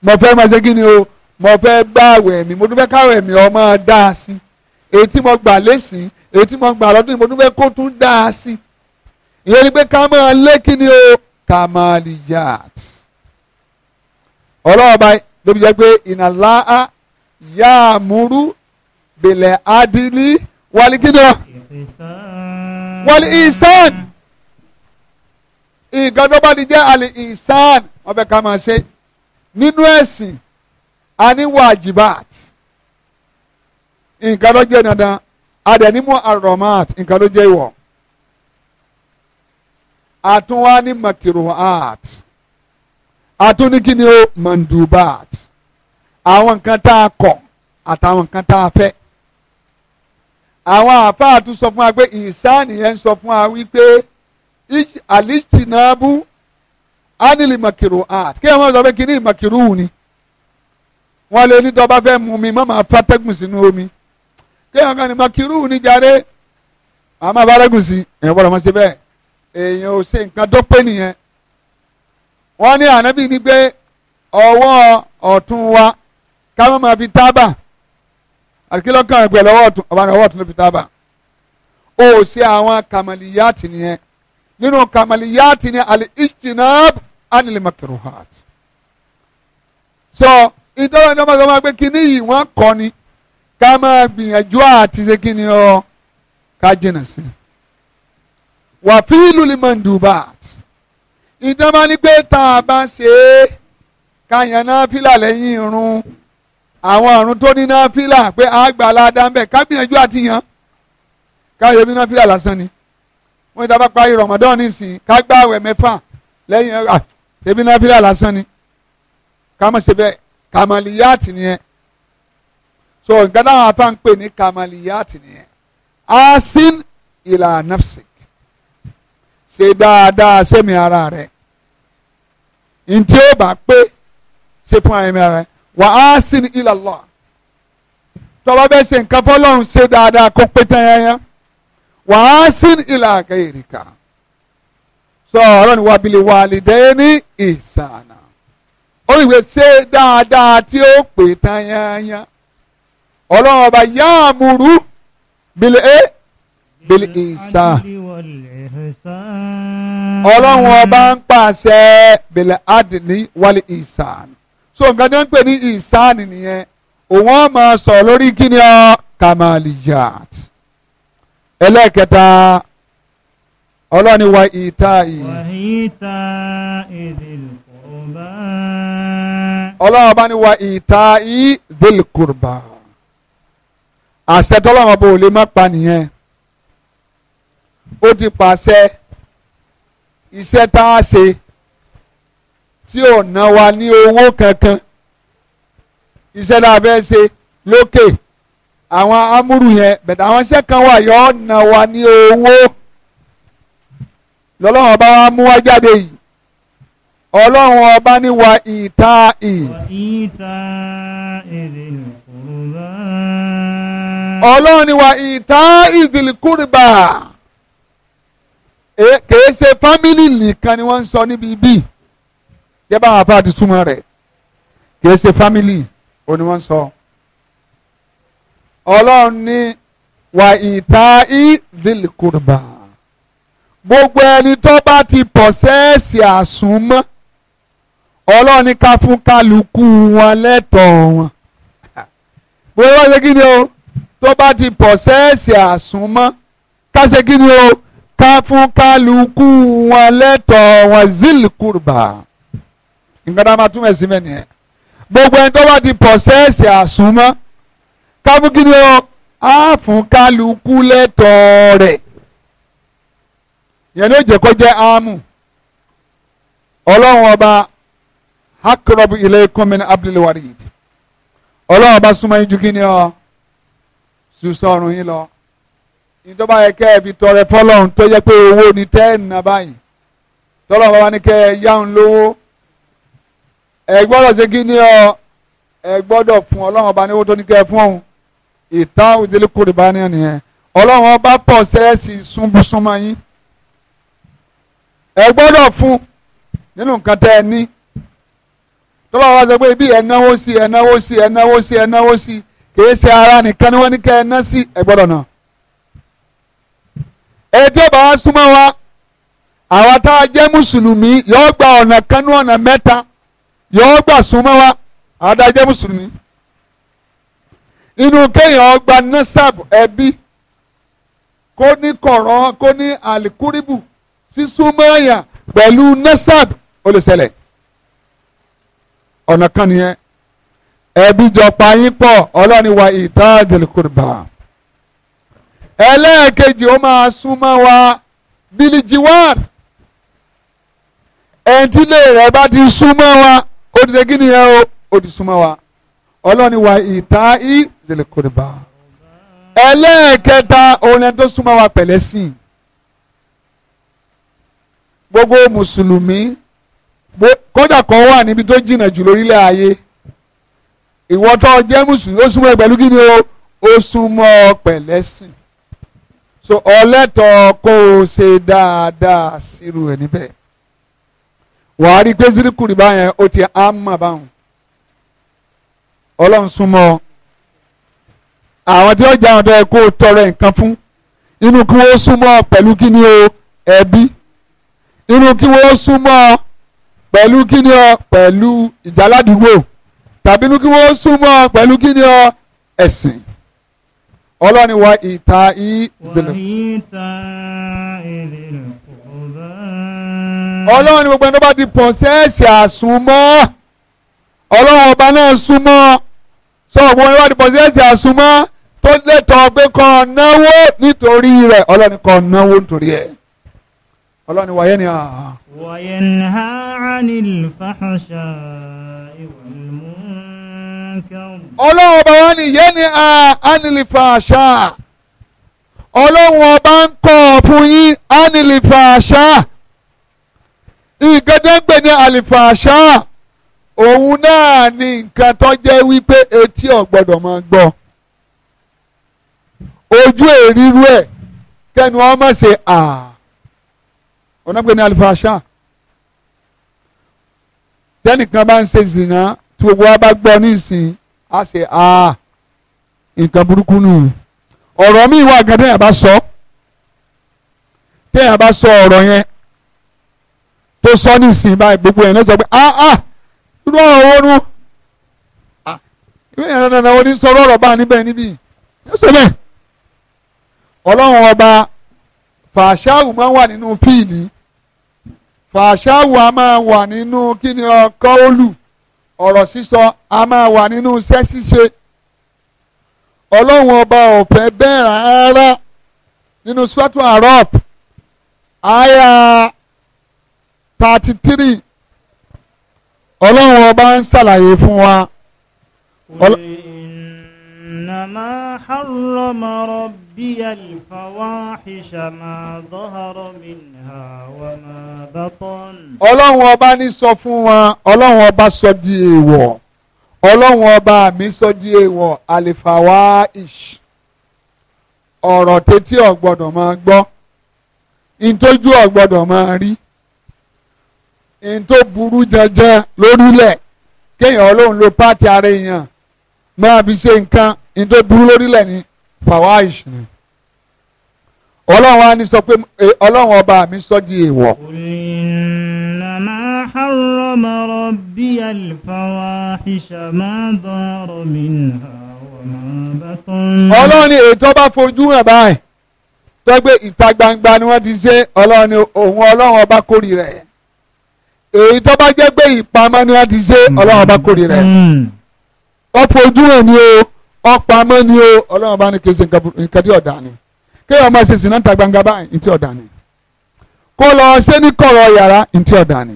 mo fẹ́ máa ṣe kí ni o mo fẹ́ gbààwẹ̀ mi mo tún fẹ́ káwẹ̀ mi ọ máa dáa sí i èyí tí mo gbà lẹ́sìn èyí tí mo gbà lọ́dún mo tún fẹ́ kó tún dáa sí i ìyẹn ni pé ká máa lé kí ni o ká máa lè yàt ọlọ́ọ̀bá ló fi jẹ́ pé ìnàlá yá àmúrú bẹ̀lẹ̀ adìlí wàlíkínà wàlí ìsàn nǹkan tó bá ti jẹ́ àlè ìsán wọ́n fẹ́ ká máa ṣe nínú ẹ̀sìn a ní nǹkan tó jẹ́ dandan a dẹ̀ aromat nǹkan tó jẹ́ ìwọ̀ àtúnwá ní makiruhat àtúnikíni ó mandubat àwọn nǹkan tá a kọ̀ àtàwọn nǹkan tá a fẹ́ àwọn àfáà tún sọ fún wa pé ìsáànì yẹn sọ fún wa wípé alijinabu anili makiru art kí ẹ máa sọ pé kí ni makiru ni wọn lè ní dọba fẹ́ mu mi má máa fàtẹgùn sínú omi kí ẹ máa ní makiru wù ni jáde màá máa fàtẹgùn sí èèyàn bọ̀dọ̀ mọ́ sí bẹ́ẹ̀ èèyàn ò ṣe nǹkan tó pé nìyẹn wọ́n ní ànábì ní pé ọwọ́ ọ̀tún wa ká má máa fi tábà àdìkílọ́kàn ẹgbẹ̀ lọ́wọ́ ọ̀tún ọ̀bàdàn ọwọ́ ọ̀tún ló fi tábà ó ṣe àwọn kàmàlìyàtì nìyẹn nínú kàmàlìyàtì ni al-ijtinab anil makruhat. sọ ìtọ́wọ́n ẹni ọmọ sọ ma pé kíní yìí wọ́n kọ́ ni ká máa gbìyànjú àti ṣe kíni ọ ká jìnnà sí. wà fílù limandubat ìtọ́wọ́n ni pé tá a bá ṣe é ká yàn náà fílà lẹ́yìn irun àwọn àrùn tó ní náà fílà pé àgbà aládàá ká gbìyànjú àti yàn ká yẹ bí náà fílà lásán ni wọ́n ti dábàá parí Ramadan nísìnyí ká gba àwẹ̀ mẹ́fà lẹ́yìn ẹ̀rọ ah, ṣebí náfìlà lásán ni ká má ṣe bẹ́ẹ̀ kàmàlìyáàtì nìyẹn so nǹkan táwọn afa ń pè ní kàmàlìyáàtì nìyẹn asin ìlà nafsi ṣe dáadáa sẹ́mi ara rẹ̀ ntí ó bá pé ṣe fún ara mi ara rẹ̀ wà asin ìlà Allah tọ́ba bẹ́ẹ̀ ṣe nǹkan fọlọ́run ṣe dáadáa kó pé tán wàásìn ìlà ghayrika sọ ọ̀rọ̀ ni wàbílì wàlìdẹ́ni ìsànà ó ìwé ṣe dáadáa tí ó pè tán yányán ọlọ́run ọba yáàmùrú bílẹ̀ ẹ́ bílẹ̀ ìsà ọlọ́run ọba ń pàṣẹ bílẹ̀ àdìní wálé ìsàn so nǹkan tó ń pè ní ìsàn nìyẹn òun ọ̀ máa sọ lórí kíni ọ kàmáàlì yàtì ẹlẹ́ẹ̀kẹta ọlọ́ni wa ìta yìí. wà ìta ìdìl kùrùbà. ọlọ́run bá ní wa ìta ìdìl kùrùbà. àṣẹ tọ́lọ́run bò lè má pa nìyẹn. ó ti pàṣẹ iṣẹ́ tá a ṣe tí ò ná ní owó kankan iṣẹ́ tá a fẹ́ ṣe lókè. Okay àwọn amúrù yẹn bẹ̀tẹ̀ àwọn iṣẹ́ kan wà yọ ọ̀nà wa ní owó lọ́lọ́run ọba wa mú wá jáde yìí ọlọ́run ọba ní wa ìta ì. ìta ọlọ́run ní wa ìta ìdìlkúrúbá e, kèé ṣe fámìlì nìkan ni wọ́n ń sọ níbi bíi yẹ bá wọn àfa túmọ̀ rẹ̀ kèé ṣe fámìlì òní wọ́n ń sọ. So ọlọ́run ní wà ìta ìdílìkùnbà gbogbo ẹni tó bá ti pọ̀sẹ́ẹ̀sì àsùnmọ́ ọlọ́run ní ká fún kálukú wọn lẹ́tọ̀ọ́ wọn gbogbo wọn ṣe kí ni o tó bá ti pọ̀sẹ́ẹ̀sì àsùnmọ́ ká ṣe kí ni o ká fún kálukú wọn lẹ́tọ̀ọ́ wọn zilkurba nǹkan tá a máa túmọ̀ sí mẹ́ni ẹ̀ gbogbo ẹni tó bá ti pọ̀sẹ́ẹ̀sì àsùnmọ́ kábùkìnì ọ á fún kálukú lẹ́tọ̀ọ́ rẹ̀ yẹn ní ó jẹ́ kó jẹ́ áàmù ọlọ́run ọba akọrọbù ilé kọ́mẹ́ni abdulwari yìí ọlọ́run ọba súnmọ́ yín ju kí ni ọ sùsọ̀rùn yín lọ ìjọba yẹ kẹ́ ẹ fi tọrẹ fọlọ́run tó yẹ pé owó ni tẹ́ ẹ̀ nà báyìí tọ́lọ́run bàbá ní kẹ́ ẹ yáhùn lówó ẹ gbọ́dọ̀ ṣe kí ni ọ ẹ gbọ́dọ̀ fún ọlọ́run ọba ní owó tó ní kẹ́ ẹ fún ọ̀hún ìta òdìlẹ̀ kórìbá ní ẹnìyẹn ọlọ́run ọba pọ̀ sẹ́ẹ̀sì súnbùsúnmọ́ yín ẹ gbọ́dọ̀ fún nínú nǹkan tẹ́ ẹ ní tó bá wá sọ pé bí ẹ náwó sí ẹ náwó sí ẹ náwó sí ẹ náwó sí kìí ṣe ara nìkan ni wọ́n ní kẹ́ ẹ ná sí ẹ gbọ́dọ̀ náà ètí ọba wa súnmọ́ wa àwa tá a jẹ́ mùsùlùmí yóò gba ọ̀nà kanú ọ̀nà mẹ́ta yóò gbà súnmọ́ wa àwa tá a jẹ́ mùsùlùmí inú kéèyàn ọgbà nasab ẹbí kó ní kọ̀rọ̀ kó ní alikuribu sísúnmọ́ àyà pẹ̀lú nasab ó lè ṣẹlẹ̀ ọ̀nà kan nìyẹn ẹbí jọpa yín pọ̀ ọlọ́ni wa ìtàdìlì kùrùbà ẹlẹ́ẹ̀kejì ó máa súnmọ́ wa bilijiwar ẹ̀ńtílẹ̀ rẹ̀ bá ti súnmọ́ wa ó ó ti súnmọ́ wa ọlọ́ni wa ìta í zèlè kòrìbà ẹlẹ́ẹ̀kẹta òun ẹni tó súnmọ́ wa pẹ̀lẹ́ sí i gbogbo mùsùlùmí kódà kan wà níbi tó jìnnà jù lórílẹ̀ ayé ìwọ tó jẹ́ mùsùlùmí ó súnmọ́ ẹ pẹ̀lú kí ni o ó súnmọ́ pẹ̀lẹ́ sí i so ọlẹ́tọ̀ kó o ṣe dáadáa sírù ẹ̀ níbẹ̀ wàá rí i pé zirikuri báyẹn ó ti á mà báwọn ọlọ́run súnmọ́ àwọn tí ó jẹ́ àwọn tó yẹ kó o tọrọ nǹkan fún inú kí wọ́n súnmọ́ pẹ̀lú kí ni o ẹbí inú kí wọ́n súnmọ́ pẹ̀lú kí ni o pẹ̀lú ìjàládùúgbò tàbí inú kí wọ́n súnmọ́ pẹ̀lú kí ni o ẹ̀sìn ọlọ́ni wa ìta ìzìlẹ̀. ọlọ́run gbogbo ẹni tó bá ti pọ̀ sí ẹ̀ṣẹ̀ àsùnmọ́ ọlọ́run ọba náà súnmọ́ sọ ògbó wọn ìwádìí pọ̀síẹ́sì àsùnmọ́ tó lẹ́tọ̀ọ́ pé kọ́ náwó nítorí rẹ̀ ọlọ́ni kọ́ náwó nítorí ẹ̀ ọlọ́ni wàyẹ́ ni àhàn. wàyẹ́ ni ha anil fahsha wal munkar. ọlọ́run ọba wa ni yẹ́ ni a anil ọlọ́run ọba ń kọ́ ọ fún yín anil fahsha ìgẹ́dẹ́gbẹ̀ ni alifahsha òun náà ni nǹkan tó jẹ́ wípé etí ò gbọ́dọ̀ máa gbọ́ ojú èríru ẹ̀ kẹ́nu ọmọ ṣe à ọ̀nàpẹ̀ ní alifasha tẹ́nìkan bá ń ṣe zìnà tí gbogbo wa bá gbọ́ nísìn á ṣe à nǹkan burúkú nù ọ̀rọ̀ mi wà gan tẹ́yà bá sọ tẹ́yà bá sọ ọ̀rọ̀ yẹn tó sọ nísìn báyìí gbogbo yẹn ló pé ah, ah irú ọ̀rọ̀ wo nu ah. irú ìyàrá dandan wo ni sọ̀rọ̀ ọ̀rọ̀ bá níbẹ̀ níbí yóò ṣe bẹ́ẹ̀ ọlọ́run ọba fàṣáwù máa ń wà nínú fíìlì fàṣáwù a máa wà nínú kíni ọkọ̀ olù ọ̀rọ̀ sísọ a máa wà nínú iṣẹ́ ṣíṣe ọlọ́run ọba ọ̀fẹ́ bẹ́ẹ̀ rárá nínú sọ́tún àrọ́ọ̀pù àyà thirty three ọlọ́run ọba ń ṣàlàyé fún wa. إنما حرم ربي الفواحش ما ظهر منها وما بطن. ọlọ́run ọba ní sọ fún wa ọlọ́run ọba sọ di èèwọ̀ ọlọ́run ọba mi sọ di èèwọ̀ àlìfàwáìṣ ọ̀rọ̀ tẹ́tí ò máa gbọ́ ìtọ́jú ò máa rí n tó burú jẹjẹ lórílẹ̀ kéèyàn ọlọ́run lo pààtì ara èèyàn máa fi ṣe nǹkan n tó burú lórílẹ̀ ni fawaish ni ọlọ́run wa ni sọ pé ọlọ́run ọba mi sọ di èèwọ̀. ọlọ́run ni ètò ọba fojú hàn báyìí tọ́gbé ìta gbangba ni wọ́n ti ṣe ọlọ́run òun ọlọ́run ọba kórìíra ẹ̀ èyí tó bá jẹ́ pé ìpamọ́ ni wọ́n ti ṣe hmm. ọlọ́run ọba kórìíra ẹ̀ hmm. wọ́n fojú hàn ní o ọ̀pamọ́ ni o ọlọ́run ọba ní kí n ṣe nǹkan tí ọ̀dà ni kéèyàn máa ṣe sìnà ta gbangba báyìí ní tí ọ̀dà ni kó lọ ṣe ní kọ̀rọ̀ yàrá ní tí ọ̀dà ni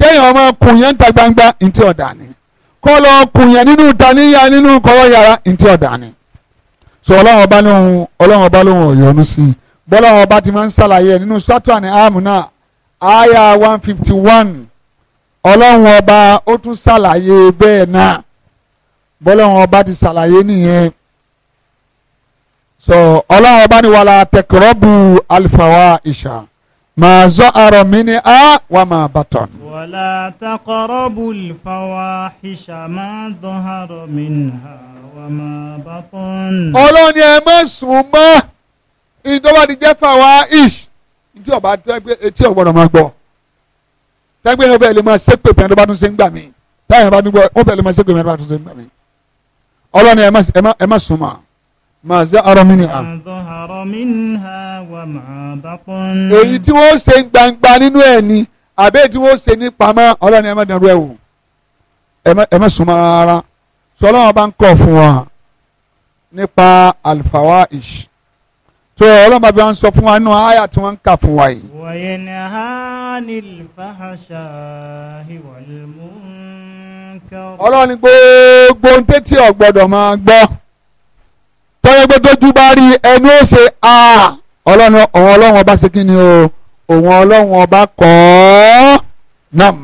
kéèyàn máa kùnyàn ta gbangba ní tí ọ̀dà ni kó lọ kùnyàn nínú ta níyà nínú kọ̀rọ̀ yàrá ní tí ọ̀dà ni so ọlọ́run ọba lóhun ọlọ́run ọba lóhun ọ̀yọ́nu sí bọ́lá ọba ti aya one fifty one ọlọ́run ọba ó tún ṣàlàyé bẹ́ẹ̀ náà bọ́lọ́run ọba ti ṣàlàyé nìyẹn so ọlọ́run ọba ni wàlá tẹkọrọ́bù alifawa ìṣà màá zọ àrọ̀ mi ni a wà máa bàtàn. wàlá tẹkọrọ́bù alifawa ìṣà máa dán àrọ̀ mi ni a wà máa bàtàn. ọlọ́run ni ẹ sùn mọ́ ìjọba ti jẹ́ fàwa ìṣ ntí ọba tẹgbẹ etí ọgbọdọ máa gbọ́ tẹgbẹ yẹn ọbẹ yẹn lè máa ṣépè pẹ ẹni bá tún ṣe ń gbà mí táyà yẹn bá tún gbọ́ ọbẹ yẹn lè máa ṣépè pẹ ẹni bá tún ṣe ń gbà mí ọlọ́ni ẹ má sùn mà mà zẹ arọ mi ni à. èyí tí wọ́n ṣe gbangba nínú ẹ̀ ni àbẹ́ tí wọ́n ṣe ní pamọ́ ọlọ́ni ẹ má dàrú ẹ̀ wò ẹ má sùn mà rárá sọlọ́wọ́n bá ń kọ̀ fún wa nípa alfawahish so ọlọ́run bá bí wọ́n sọ fún wa nínú àyà tí wọ́n ń kà fún wa yìí. wọ̀nyẹn ni hanil fahasa nǹkan. ọlọ́run ní gbogbo ohun tẹ́tí ọ̀gbọ́dọ̀ máa gbọ́ tọ́yọ́ pé bá rí ẹnu ó ṣe a ọlọ́run ọ̀hún ọlọ́run ọba ṣe kí ni o òun ọlọ́run ọba kọ́ ọ́ nam.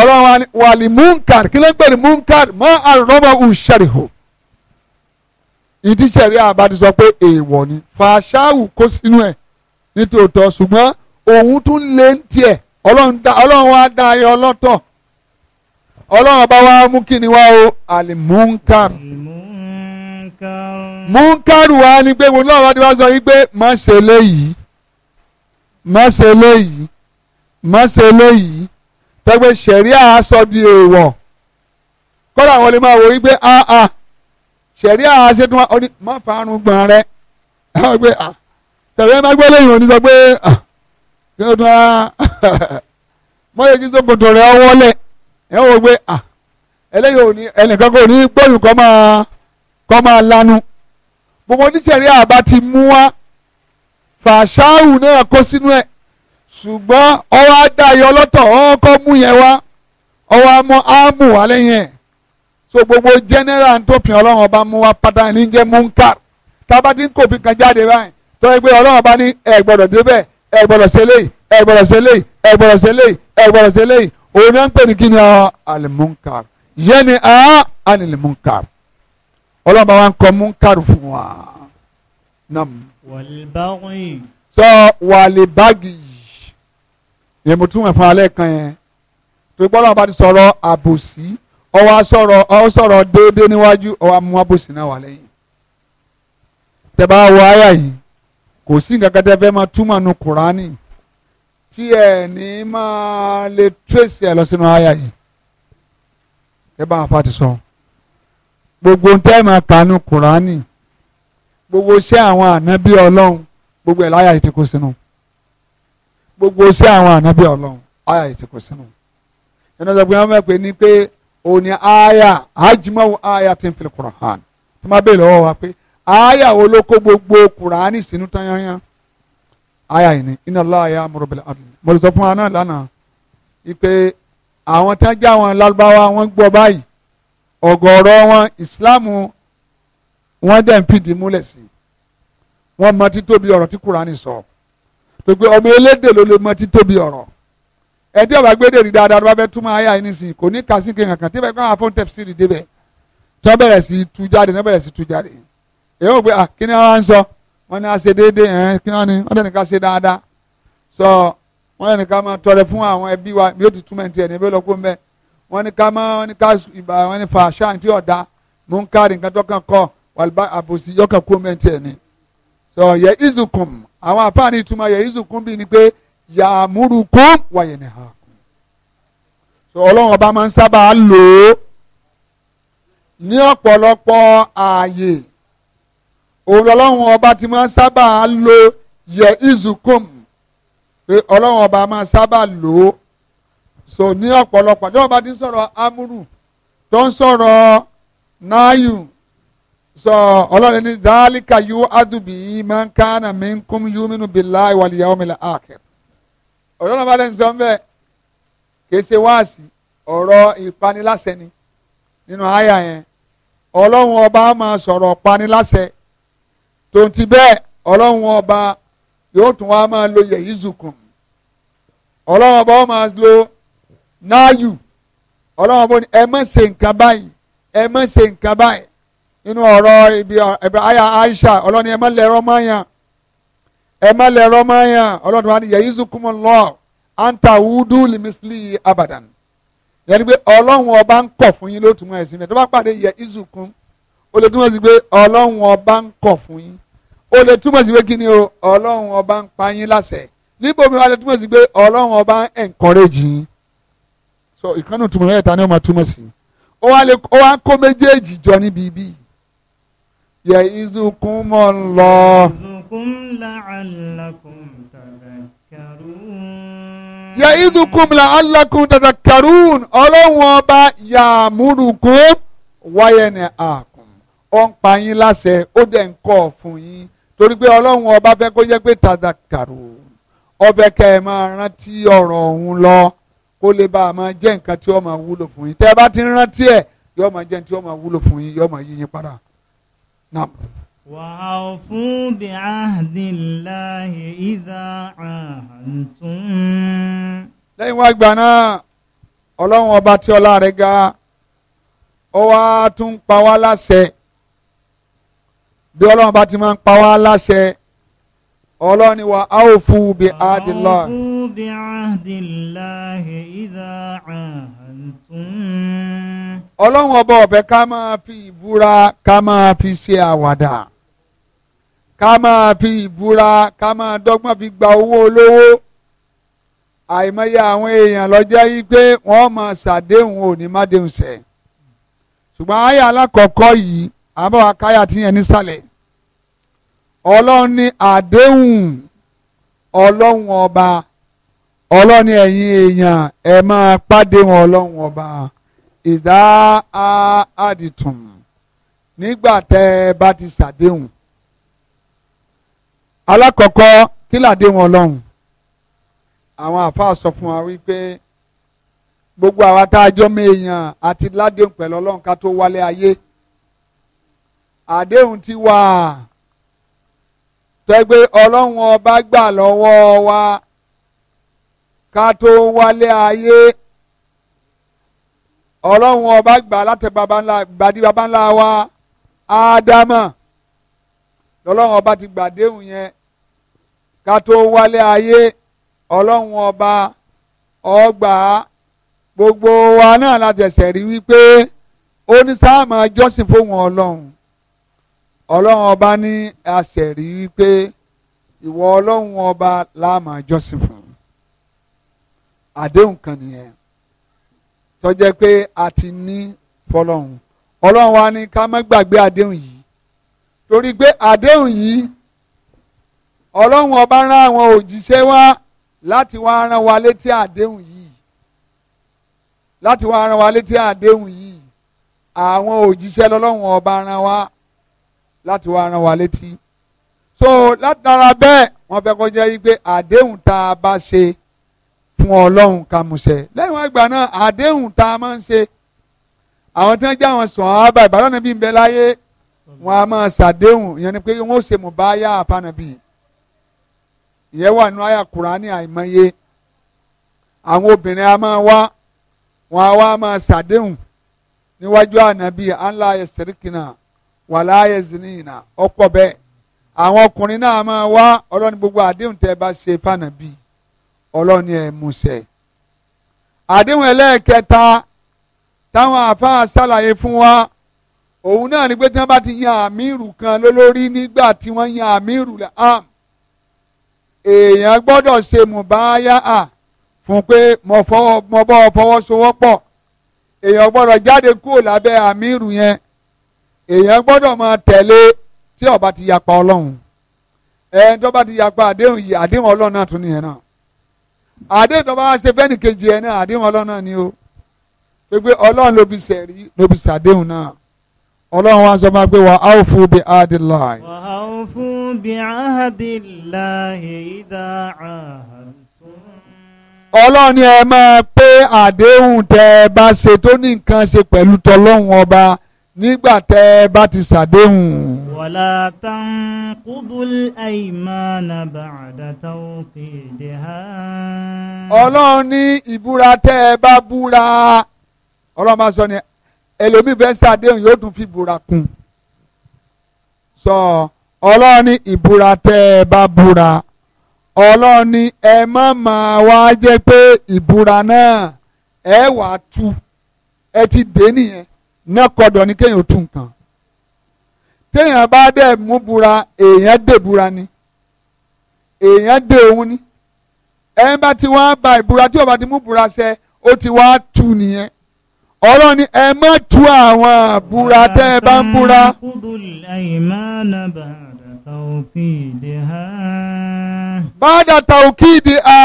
ọlọ́run wàlí munkar kí ló ń pè ní munkar mọ́ àrùn ọmọ ìdíṣẹ̀rí àbá ti sọ pé èèwọ̀ ni fàṣàwù kó sínú ẹ̀ nítòótọ́ ṣùgbọ́n òun tún lé ń tiẹ̀ ọlọ́run wa dá ayé ọlọ́tọ̀ ọlọ́run bá wa mú kí ni wá o àlìmúnkàr múnkàr wa ni pé mo náà wá ti wá sọ yìí pé má ṣe léyìí má ṣe léyìí má ṣe léyìí tẹ́gbẹ́ ṣẹ̀rí àásọ di èèwọ̀ kọ́lá àwọn lè máa wò yí pé áá sẹ̀rí àṣẹ tí wọ́n má fàánù gbọ̀n rẹ̀ sẹ̀rí ẹ̀ má gbé lẹ́yìn òní sọ pé kí ló dún á <laughs> mọ́yé kí sọ́kòtò rẹ̀ ọwọ́ lẹ̀ ẹ̀ wò pé ẹlẹ́yìn òní ẹnìkan kò ní gbóyún kọ́ máa kọ́ máa lanu gbogbo oníṣẹ̀rí àbá ti mú wá fàṣáù náà kó sínú ẹ̀ ṣùgbọ́n ọwọ́ adáyọ lọ́tọ̀ ọkọ̀ mú yẹn wá ọwọ́ amọ̀ áàmù wálé yẹn so gbogbo general tó pin ọlọ́run ọba mú wa pátá ní jẹ́ munkar tába tí kò fi kan jáde báyìí tó yẹ pé ọlọ́run ọba ní ẹ gbọ́dọ̀ débẹ̀ ẹ gbọ́dọ̀ ṣẹlẹ̀ ẹ gbọ́dọ̀ ṣẹlẹ̀ ẹ gbọ́dọ̀ ṣẹlẹ̀ ẹ gbọ́dọ̀ ṣẹlẹ̀ òun náà ń pè ní kí ni ọ ah, alimunkar yẹni a ah, alimunkar ọlọ́run ọba wa ń kọ munkar fún wa nam. wàlíbáwìn. sọ wàlíbáàgì yìí èmi tún wẹ̀ fún alẹ́ kan yẹn tó gbọ́dọ̀ ọba ti sọ̀rọ̀ àbòsí ó wá sọ̀rọ̀ ó sọ̀rọ̀ déédéé níwájú ó wá mú àbòsí náà wà lẹ́yìn tẹ́bá wọ àyà yìí kò sí nǹkan kan tẹ́ fẹ́ máa túmọ̀ nu kùránì tí ẹ̀ ní máa lè tírèsì ẹ̀ lọ sínú àyà yìí tẹ́bá àfa ti sọ gbogbo tẹ́ máa kà nu kùránì gbogbo iṣẹ́ àwọn ànábì ọlọ́run gbogbo ẹ̀ láyà yìí ti kó sínú gbogbo iṣẹ́ àwọn ànábì ọlọ́run àyà yìí ti kó sínú ẹ̀ náà sọ pé wọ́n mọ̀ pé ó ní aya ajimawo aya ti ń fi Quran tó máa bèèrè lọ́wọ́ wa pé aya wo ló kó gbogbo Quran sínú tanyanyan aya yìí ni iná láàyè amúròbìlà àdùnnú mo lè sọ fún wa náà lánàá ipe àwọn tí wọ́n já wọn lálùbáwá wọ́n gbọ́ báyìí ọ̀gọ̀ọ̀rọ̀ wọn ìsìláàmù wọ́n dẹ̀ ń fìdí múlẹ̀ sí wọ́n mọ títóbi ọ̀rọ̀ tí Quran sọ pé ọmọ elédè ló lè mọ títóbi ọ̀rọ̀ ẹ tí ọba gbédè rí dáadáa lọ́ba fẹ́ túmọ̀ ayé àyè nísìnyí kò ní kásí kéèyàn kan tí bẹ́ẹ̀ kọ́ àfọ̀n tẹ̀sí rí débẹ̀ tó bẹ̀rẹ̀ sí tú jáde náà bẹ̀rẹ̀ sí tú jáde èyí ò gbé à kí ni wọ́n á ń sọ wọ́n ní a ṣe déédéé ẹ̀ kí wọ́n ní wọ́n tẹ̀ ní ká ṣe dáadáa sọ wọ́n tẹ̀ ní ká máa tọrẹ fún àwọn ẹbí wa bí ó ti túmọ̀ tiẹ̀ ní ebi lọ́kọ́ mbẹ́ wọ́n ní ká máa wọ́n ní ká ìbà wọ́n ní fa ni sọ yẹ izukun àwọn àfáàní ìtumọ̀ yẹ izukun bíi ni yàmúrukún wàyẹ̀ ní ha so ọlọ́run ọba máa ń sábà lò ó ní ọ̀pọ̀lọpọ̀ ààyè òun ọlọ́run ọba ti máa ń sábà lò yẹ izukun pé ọlọ́run ọba máa ń sábà lò ó so ní ọ̀pọ̀lọpọ̀ ní ọba ti ń sọ̀rọ̀ amúrù tó ń sọ̀rọ̀ náyù sọ ọlọ́run ní dálíkà yóò adùbí máa ń kánà minkum yuminu billahi wal yawmil akhir. ọ̀rọ̀ bá dẹ̀ ọ̀rọ̀ ìpaniláṣẹ ni nínú àyà yẹn ọlọ́run ọba máa sọ̀rọ̀ paniláṣẹ tó bẹ́ẹ̀ ọlọ́run ọba yóò tún wá máa lo yẹ̀yí zùkùn ọlọ́run ọba máa lo náàyù ọlọ́run ọba ẹ ṣe nǹkan nínú ọ̀rọ̀ ẹ má lẹ rọmọ yẹn ọlọ́run wa ni yẹ̀yí zukumọ̀ lọ anta wudu limisili abadan yẹni pé ọlọ́run ọba ń kọ̀ fún yín ló túmọ̀ ẹ̀sìn rẹ̀ tó bá pàdé yẹ ìzùkún ó lè túmọ̀ sí pé ọlọ́run ọba ń kọ̀ fún yín ó lè túmọ̀ sí pé kí ni o ọlọ́run ọba ń pa yín láṣẹ níbo mi wá lè túmọ̀ sí pé ọlọ́run ọba ń encourage yín so ìkànnì túmọ̀ rẹ̀ ta ni ó máa túmọ̀ sí ó wá lè ó wá kó méjèèjì jọ níbi ibi yẹ ìzùkún mọ̀ ń يعظكم لعلكم تذكرون يعظكم لعلكم تذكرون ọlọ́run ọba yàmúrùkún wáyẹnì àkùn ó ń pa yín láṣẹ ó torí pé ọlọ́run ọba fẹ́ kó jẹ́ pé tàdàkàrò ọbẹ̀ kẹ́ ẹ máa rántí ọ̀rọ̀ ọ̀hún lọ kó lè bá a máa jẹ́ nǹkan tí máa wúlò fún yín tẹ́ ẹ bá ti rántí ẹ̀ yó máa jẹ́ nǹkan tí máa wúlò fún yín máa yí yín padà. وأوفوا بعهد الله إذا عاهدتم. lẹ́yìn wá gbà náà ọlọ́run ọba tí ọlá rẹ̀ ga ó wá tún pa wá láṣẹ bí ọlọ́run bá ti máa ń pa wá láṣẹ ọlọ́run ni wà áòfù bí àdìlá. áòfù bí àdìlá ìdá àǹtún. ọlọ́run ọba ọ̀bẹ ká máa fi ìbúra ká máa fi ṣe àwàdà ká máa fi ìbúra ká máa dọ́gbọ́n fi gba owó olówó àìmọye àwọn èèyàn lọ́jọ́ yìí pé wọ́n máa ṣàdéhùn òní mádéhùn ṣẹ ṣùgbọ́n àyà alákọ̀ọ́kọ́ yìí àbọ̀ akáyà ti yẹn nísàlẹ̀ ọlọ́run ní àdéhùn ọlọ́run ọba ọlọ́run ní ẹ̀yin èèyàn ẹ máa pàdé ọlọ́run ọba ìdá àdìtùn nígbà tẹ́ ẹ bá ti ṣàdéhùn alákọ̀ọ́kọ́ kí làdé wọn lọ́hùn àwọn àfáà sọ fún wa wípé gbogbo àwa tá a jọ mọ èèyàn àti ládéhùn pẹ̀lú ọlọ́run ká tó wálé ayé àdéhùn ti wà tẹ́gbẹ́ ọlọ́run ọba gbà lọ́wọ́ wa ká tó wálé ayé ọlọ́run ọba gbà láti baba ńlá gbàdí baba ńlá wa ádámà lọ́lọ́run ọba ti gbàdéhùn yẹn ká tó wálé ayé ọlọ́run ọba ọgbà gbogbo wa náà láti ẹsẹ̀ rí wípé ó ní sáàmù jọ́sìn fóun ọlọ́run ọlọ́run ọba ní àṣẹ rí wípé ìwọ ọlọ́run ọba láàmà jọ́sìn fún àdéhùn kan nìyẹn tó pé a ti ní fọlọ́run ọlọ́run wa ní ká má gbàgbé àdéhùn yìí torí pé àdéhùn yìí ọlọ́run ọba rán àwọn òjíṣẹ́ wá láti wá rán wa létí àdéhùn yìí láti wá rán wa létí àdéhùn yìí àwọn òjíṣẹ́ lọ́lọ́run ọba rán wa láti wá rán wa létí so látara bẹ́ẹ̀ wọ́n fẹ́ kó jẹ́ wípé àdéhùn tá a bá ṣe fún ọlọ́run ká mú ṣẹ lẹ́yìn wọn gbà náà àdéhùn tá a máa ń ṣe àwọn tí wọ́n jẹ́ àwọn sàn án báyìí bí ń bẹ láyé wọn a máa ṣàdéhùn ìyẹn ni pé wọ́n ó ṣe mọ̀ báyà àpánàbí ìyẹn wà nínú àyà Kùránì àìmọye àwọn obìnrin a máa wá wọn a wá máa ṣàdéhùn níwájú ànábì anla ayẹsẹ̀ríkìnà wàlá ayẹsìnìyìnà ọ̀pọ̀ bẹ́ẹ̀ àwọn ọkùnrin náà a máa wá ọlọ́ni gbogbo àdéhùn tẹ́ ẹ bá ṣe fànàbí ọlọ́ni ẹ̀ múṣẹ. àdéhùn ẹlẹ́ẹ̀kẹta táwọn àáfàá ṣàlàyé fún wa òun náà ni pé tí wọ́n bá ti yan àmírù kan lólórí nígbà tí wọ́n yan àmírù lẹ́hàn èèyàn gbọ́dọ̀ ṣe mùbáyà à fún pé mo bọ́ fọwọ́sowọ́pọ̀ èèyàn gbọ́dọ̀ jáde kúrò lábẹ́ àmírù yẹn èèyàn gbọ́dọ̀ máa tẹ̀lé tí ó bá ti yapa ọlọ́run ẹni tó bá ti yapa àdéhùn yìí àdéhùn ọlọ́run náà tún náà àdéhùn tó o ọlọ́run ló fi ló fi náà ọlọ́run wá sọ بعهد الله إذا عاهدتم ọlọ́run ni ẹ máa pé àdéhùn tẹ ẹ bá ṣe tó ní nǹkan ṣe pẹ̀lú tọlọ́hun ọba nígbà tẹ ẹ bá ti ṣàdéhùn. wàlá tanqudul aymana ba'da tawqidiha. ọlọ́run ní ìbúra tẹ ẹ bá búra ọlọ́run máa sọ ni ẹlòmíì fẹ́ ṣàdéhùn yóò tún fi búra kún. sọ. So, ọlọ́run ní ìbúra tẹ́ ẹ bá búra ọlọ́run ní ẹ má máa wá jẹ́ pé ìbúra náà ẹ wà á tú ẹ ti dé nìyẹn náà kọdọ̀ ní kéèyàn tún nǹkan téèyàn bá dẹ̀ mú búra èèyàn dè búra ni èèyàn dè òun ni ẹ bá ti wá ba ìbúra tí ó ti mú búra ṣẹ ó ti wá tú nìyẹn ọlọ́run ni ẹ má tú àwọn àbúra tẹ́ ẹ bá ń búra tàwùkìdìhà. bàdà tàwùkìdìhà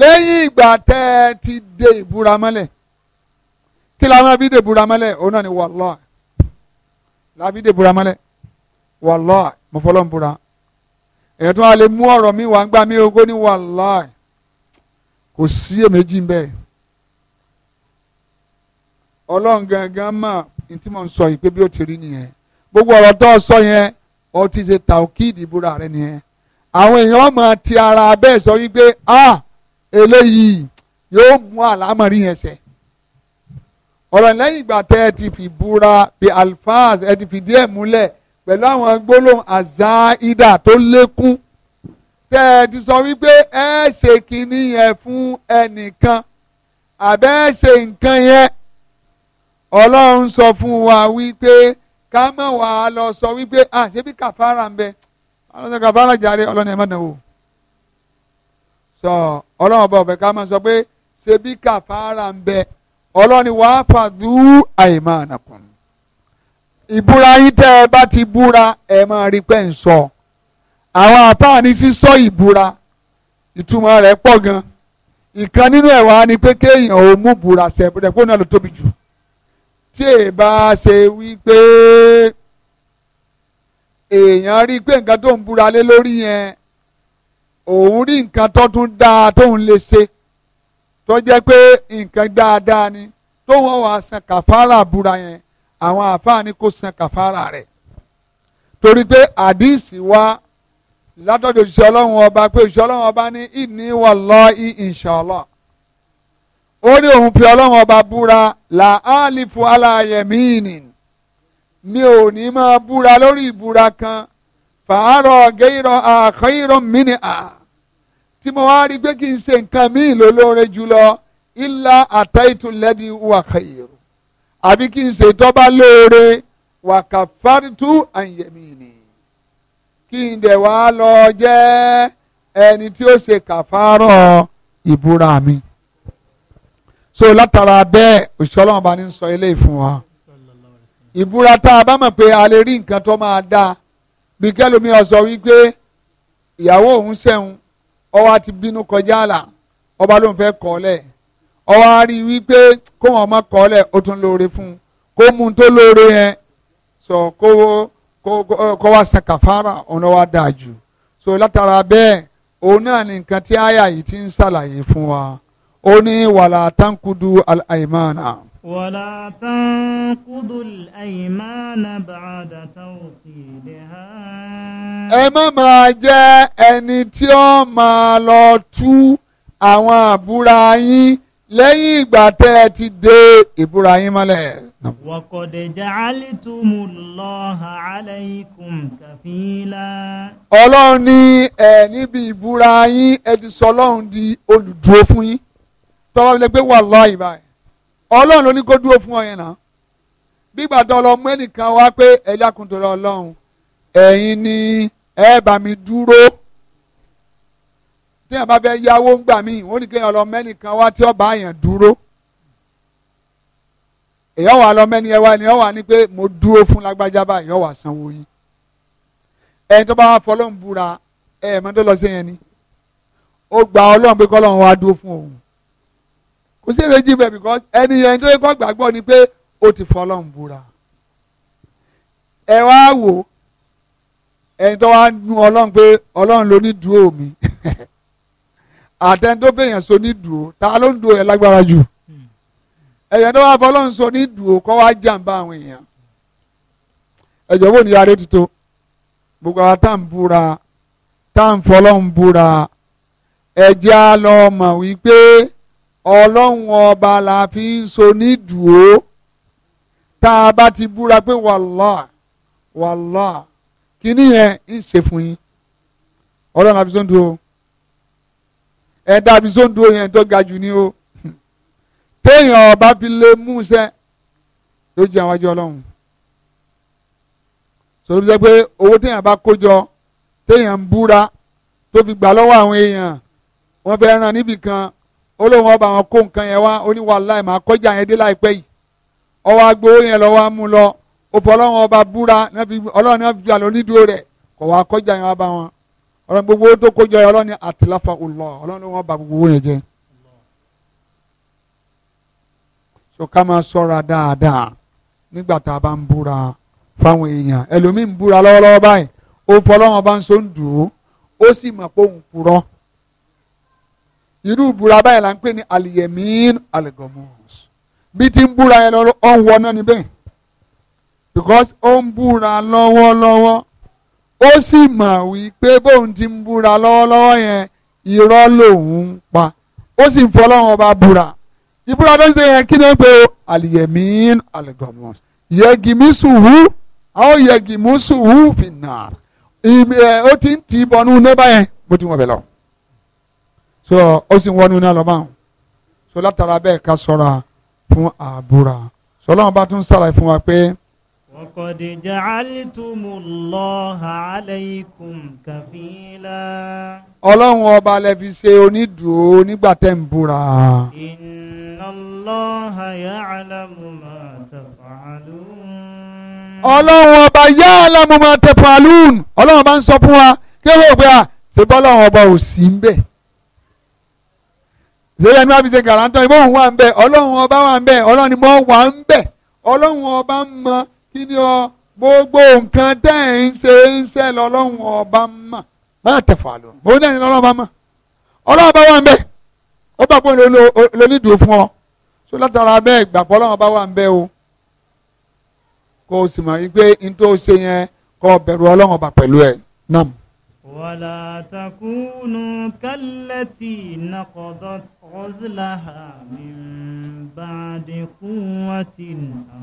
lẹ́yìn ìgbà tẹ́ ẹ ti de ìbúra mọ́lẹ̀ kí la máa fi de ìbúra mọ́lẹ̀ òun náà ni wàlọ́ọ̀ la fi de ìbúra mọ́lẹ̀ wàlọ́ọ̀ mo fọlọ́ ń búra ẹ̀yẹ́ tó wà lè mú ọ̀rọ̀ mi wà ń gbà mí ogó ní wàlọ́ọ̀ kò sí èméjì ń bẹ́ẹ̀ ọlọ́run gangan mọ̀ mo ń sọ yìí pé bí ó ti rí nìyẹn gbogbo ọ̀rọ̀ tó sọ yẹn ó ti ṣe taokid ìbúra rẹ nìyẹn àwọn èèyàn ọmọ ti ara bẹ́ẹ̀ sọ wípé a eléyìí yóò mú àlámọ̀rí yẹn ṣẹ ọ̀rọ̀ lẹ́yìn ìgbà tẹ́ ẹ ti fi búra bí alfaz ẹ ti fi díẹ̀ múlẹ̀ pẹ̀lú àwọn gbólóhùn àzáídà tó lékún tẹ́ ẹ ti sọ wípé ẹ ṣe kinní yẹn fún ẹnìkan àbẹ́ ṣe nǹkan yẹn ọlọ́run sọ fún wa wípé ká má wà á lọ sọ wípé à ṣé bí kàfàrà ń bẹ ọlọ́sọ kàfàrà jàre ọlọ́ni ẹ̀ má dàn wò sọ ọlọ́run ọba ọ̀fẹ́ ká má sọ pé ṣé bí kàfàrà ń bẹ ọlọ́ni wà á fàdú àìmá nàkùn ìbúra yín tẹ́ ẹ bá ti búra ẹ máa rí pẹ́ ń sọ àwọn àpáàní sísọ ìbúra ìtumọ̀ rẹ̀ pọ̀ gan ìkan nínú ẹ̀ wá ni pé kéèyàn ò mú búra ṣẹ̀ búrẹ́ kó náà ló tóbi jù tí èèbá ṣe wípé èèyàn rí pé nǹkan tó ń búra lé lórí yẹn òun rí nǹkan tó tún dáa tóun lè ṣe tó jẹ́ pé nǹkan dáadáa ni tóun wà san kàfàrà búra yẹn àwọn àfáàní kò san kàfàrà rẹ̀ torí pé àdìsí wa látọ̀dọ̀ òṣìṣẹ́ ọlọ́run ọba pé òṣìṣẹ́ ọlọ́run ọba ní ìníwàlọ́ inshallah ó ní òun fi ọlọ́run ọba búra là áàlìfù aláyẹ̀míìnì mi ò ní máa búra lórí ìbúra kan fàárọ̀ géèrọ̀ àkọ́yìrọ̀ mìíní à tí mo wá rí pé kí n ṣe nǹkan míì lólóore jùlọ ilà àtàìtù lẹ́dí wà kàyèrò àbí kí n ṣe tọ́ba lóore wà kàfárìtù àyẹ̀míìnì kí n dẹ̀ wá lọ jẹ́ ẹni tí ó ṣe kàfárọ̀ ìbúra mi so látara bẹ́ẹ̀ òṣìṣẹ́ ọlọ́run bá ní sọ eléyìí fún wa ìbúra tá a bá mọ̀ pé a lè rí nǹkan tó máa dáa bí kẹ́lómi ọ̀sọ̀ wípé ìyàwó òun sẹ́hun ọwọ́ àti bínú kọjá àlà ọba ló ń fẹ́ kọ́lẹ̀ ọwọ́ á rí wípé kó wọn má kọ́lẹ̀ ó tún lóore fún un kó mú un tó lóore yẹn sọ kó kó wá sàkàfàrà ọ̀nà wa dáa jù so látara bẹ́ẹ̀ òun náà ni nǹkan tí àyà yìí ti ń ṣàlàyé fún wa ó ní wàlá tankudu al-aymana. wàlá tankudu al-aymana ba'da tawqidiha. ẹ má máa jẹ́ ẹni tí ó máa lọ tú àwọn àbúra yín lẹ́yìn ìgbà tẹ́ ẹ ti dé ìbúra yín mọ́lẹ̀. Wàkọ̀dẹ̀ ja'altumullaha alaykum kafila. Ọlọ́run ní ẹ̀ níbi ìbúra yín ẹ ti sọ Ọlọ́run di olùdúró fún yín tọ́wọ́ mi lè gbé wà lọ́ ìbá ẹ̀ ọlọ́run ló ní kó dúró fún ọ yẹn náà gbígbà tó lọ mú ẹnìkan wá pé ẹ̀dá kùntò lọ ọlọ́run ẹ̀yin ni ẹ bá mi dúró tí yẹn bá fẹ́ yáwó ń gbà mí wọ́n ní kéèyàn lọ mẹ́nìkan wá tí ó yẹn dúró èèyàn wà lọ mẹ́ni ẹ wá ni ẹ wà ní pé mo dúró fún lágbájá báyìí ẹ wà sanwó yín ẹni tó bá wà fọlọ́run búra ẹ̀ mọ́tò lọ sí yẹn ni ó gba ọlọ́run pé kọ́lọ́run wá dúró fún òun kò sí èméjì bẹ́ẹ̀ because ẹni yẹn tó yẹ kó gbàgbọ́ ni pé ó ti fọlọ́run búra ẹ wá wò ẹni tó wá nu ọlọ́run pé ọlọ́run ló ní dúró mi <laughs> àtẹni tó bẹ̀yàn so ní dúró ta ló ń dúró yẹn lágbára jù ẹ̀yàn tó wá fọlọ́run so ní dúró kọ́ wá jàǹbá àwọn èèyàn ẹ̀jọ̀ wo ni yàrá ó ti tó gbogbo àwọn tá à ń búra tá à ń fọlọ́run búra ẹ̀jẹ̀ á lọ mọ̀ wípé ọlọ́run ọba la fi ń so ní dùó tá a bá ti búra pé wàlá wàlá kíní yẹn ń ṣe fún yín ọlọ́run àfi sóńdù o ẹ̀dá àfi sóńdù o yẹn tó ga jù ní o téèyàn ọba fi lè mú sẹ́ ló jẹ́ àwọn ajọ́ ọlọ́run sọ̀rọ̀ bí sẹ́ pé owó téèyàn bá kó jọ téèyàn ń búra tó fi gbà lọ́wọ́ àwọn èèyàn wọ́n fẹ́ ràn níbì kan ó ọba àwọn kó nǹkan yẹn wá ó ní máa kọjá yẹn dé láìpẹ́ yìí ọwọ́ agbowó yẹn lọ́wọ́ mú ọba búra ọlọ́run náà fi àlọ́ onídùúró rẹ̀ wá kọjá yẹn wá bá wọn ọlọ́run gbogbo tó kójọ yẹn ọlọ́ ló gbogbo yẹn ká máa dáadáa nígbà tá a bá ń búra fáwọn èèyàn ẹlòmíín búra lọ́wọ́lọ́wọ́ báyìí irú ìbúra báyìí la ń pè ní aliyemin aligomus bí ti ń búra yẹn lọ́wọ́ ń wọ náà níbẹ̀ because ó ń búra lọ́wọ́lọ́wọ́ ó sì mọ̀ wípé bóun ti ń búra lọ́wọ́lọ́wọ́ yẹn irọ́ lòun ń pa ó sì ń fọlọ́run ọba búra ìbúra tó ń ṣe yẹn kí ni ó pe aliyemin aligomus yegimisuhu àwọn yegimisuhu fi nà ó ti ń tì í bọnú nébà yẹn bó ti wọ́n bẹ̀ lọ so ó sì ń wọ́nú náà lọ́ba àwọn so látara bẹ́ẹ̀ ká sọ̀ra fún àbúrà sọlọ́run bá tún sàlàyé fún wa pé. وقد جعلتم الله عليكم كفيلا ọlọ́run ọba lè fi ṣe onídùú nígbà tẹ́ ń búra. inna Allaha ya'lamu ma taf'alun. ọlọ́run ọba ya'lamu ma taf'alun ọlọ́run bá ń sọ fún wa kí ló gbé a ṣe bọ́ ọba ò sí ń bẹ̀ ìṣẹ̀lẹ̀ mi wá fi ṣe ń bẹ̀ ọlọ́run ọba wà ń bẹ̀ ọlọ́run ni mo wà ń bẹ̀ ọlọ́run ọba kí ni ọ gbogbo nǹkan tẹ́ ẹ̀ ń ṣe ń ṣe lọ́lọ́run ọba ń mọ̀ máa tẹ̀fọ́ àlọ́ náà ni ọlọ́run ọba mọ̀ ọlọ́run ọba wà ń bẹ̀ ó gbà pé lónídùú fún ọ tó látara bẹ́ẹ̀ gbàgbọ́ ọlọ́run ọba wà ń bẹ̀ o kó o sì mọ̀ wípé n tó ṣe yẹn kó o bẹ̀rù ọlọ́run pẹ̀lú ẹ̀ náà. ولا تكونوا كالتي نقضت غزلها من بعد قوة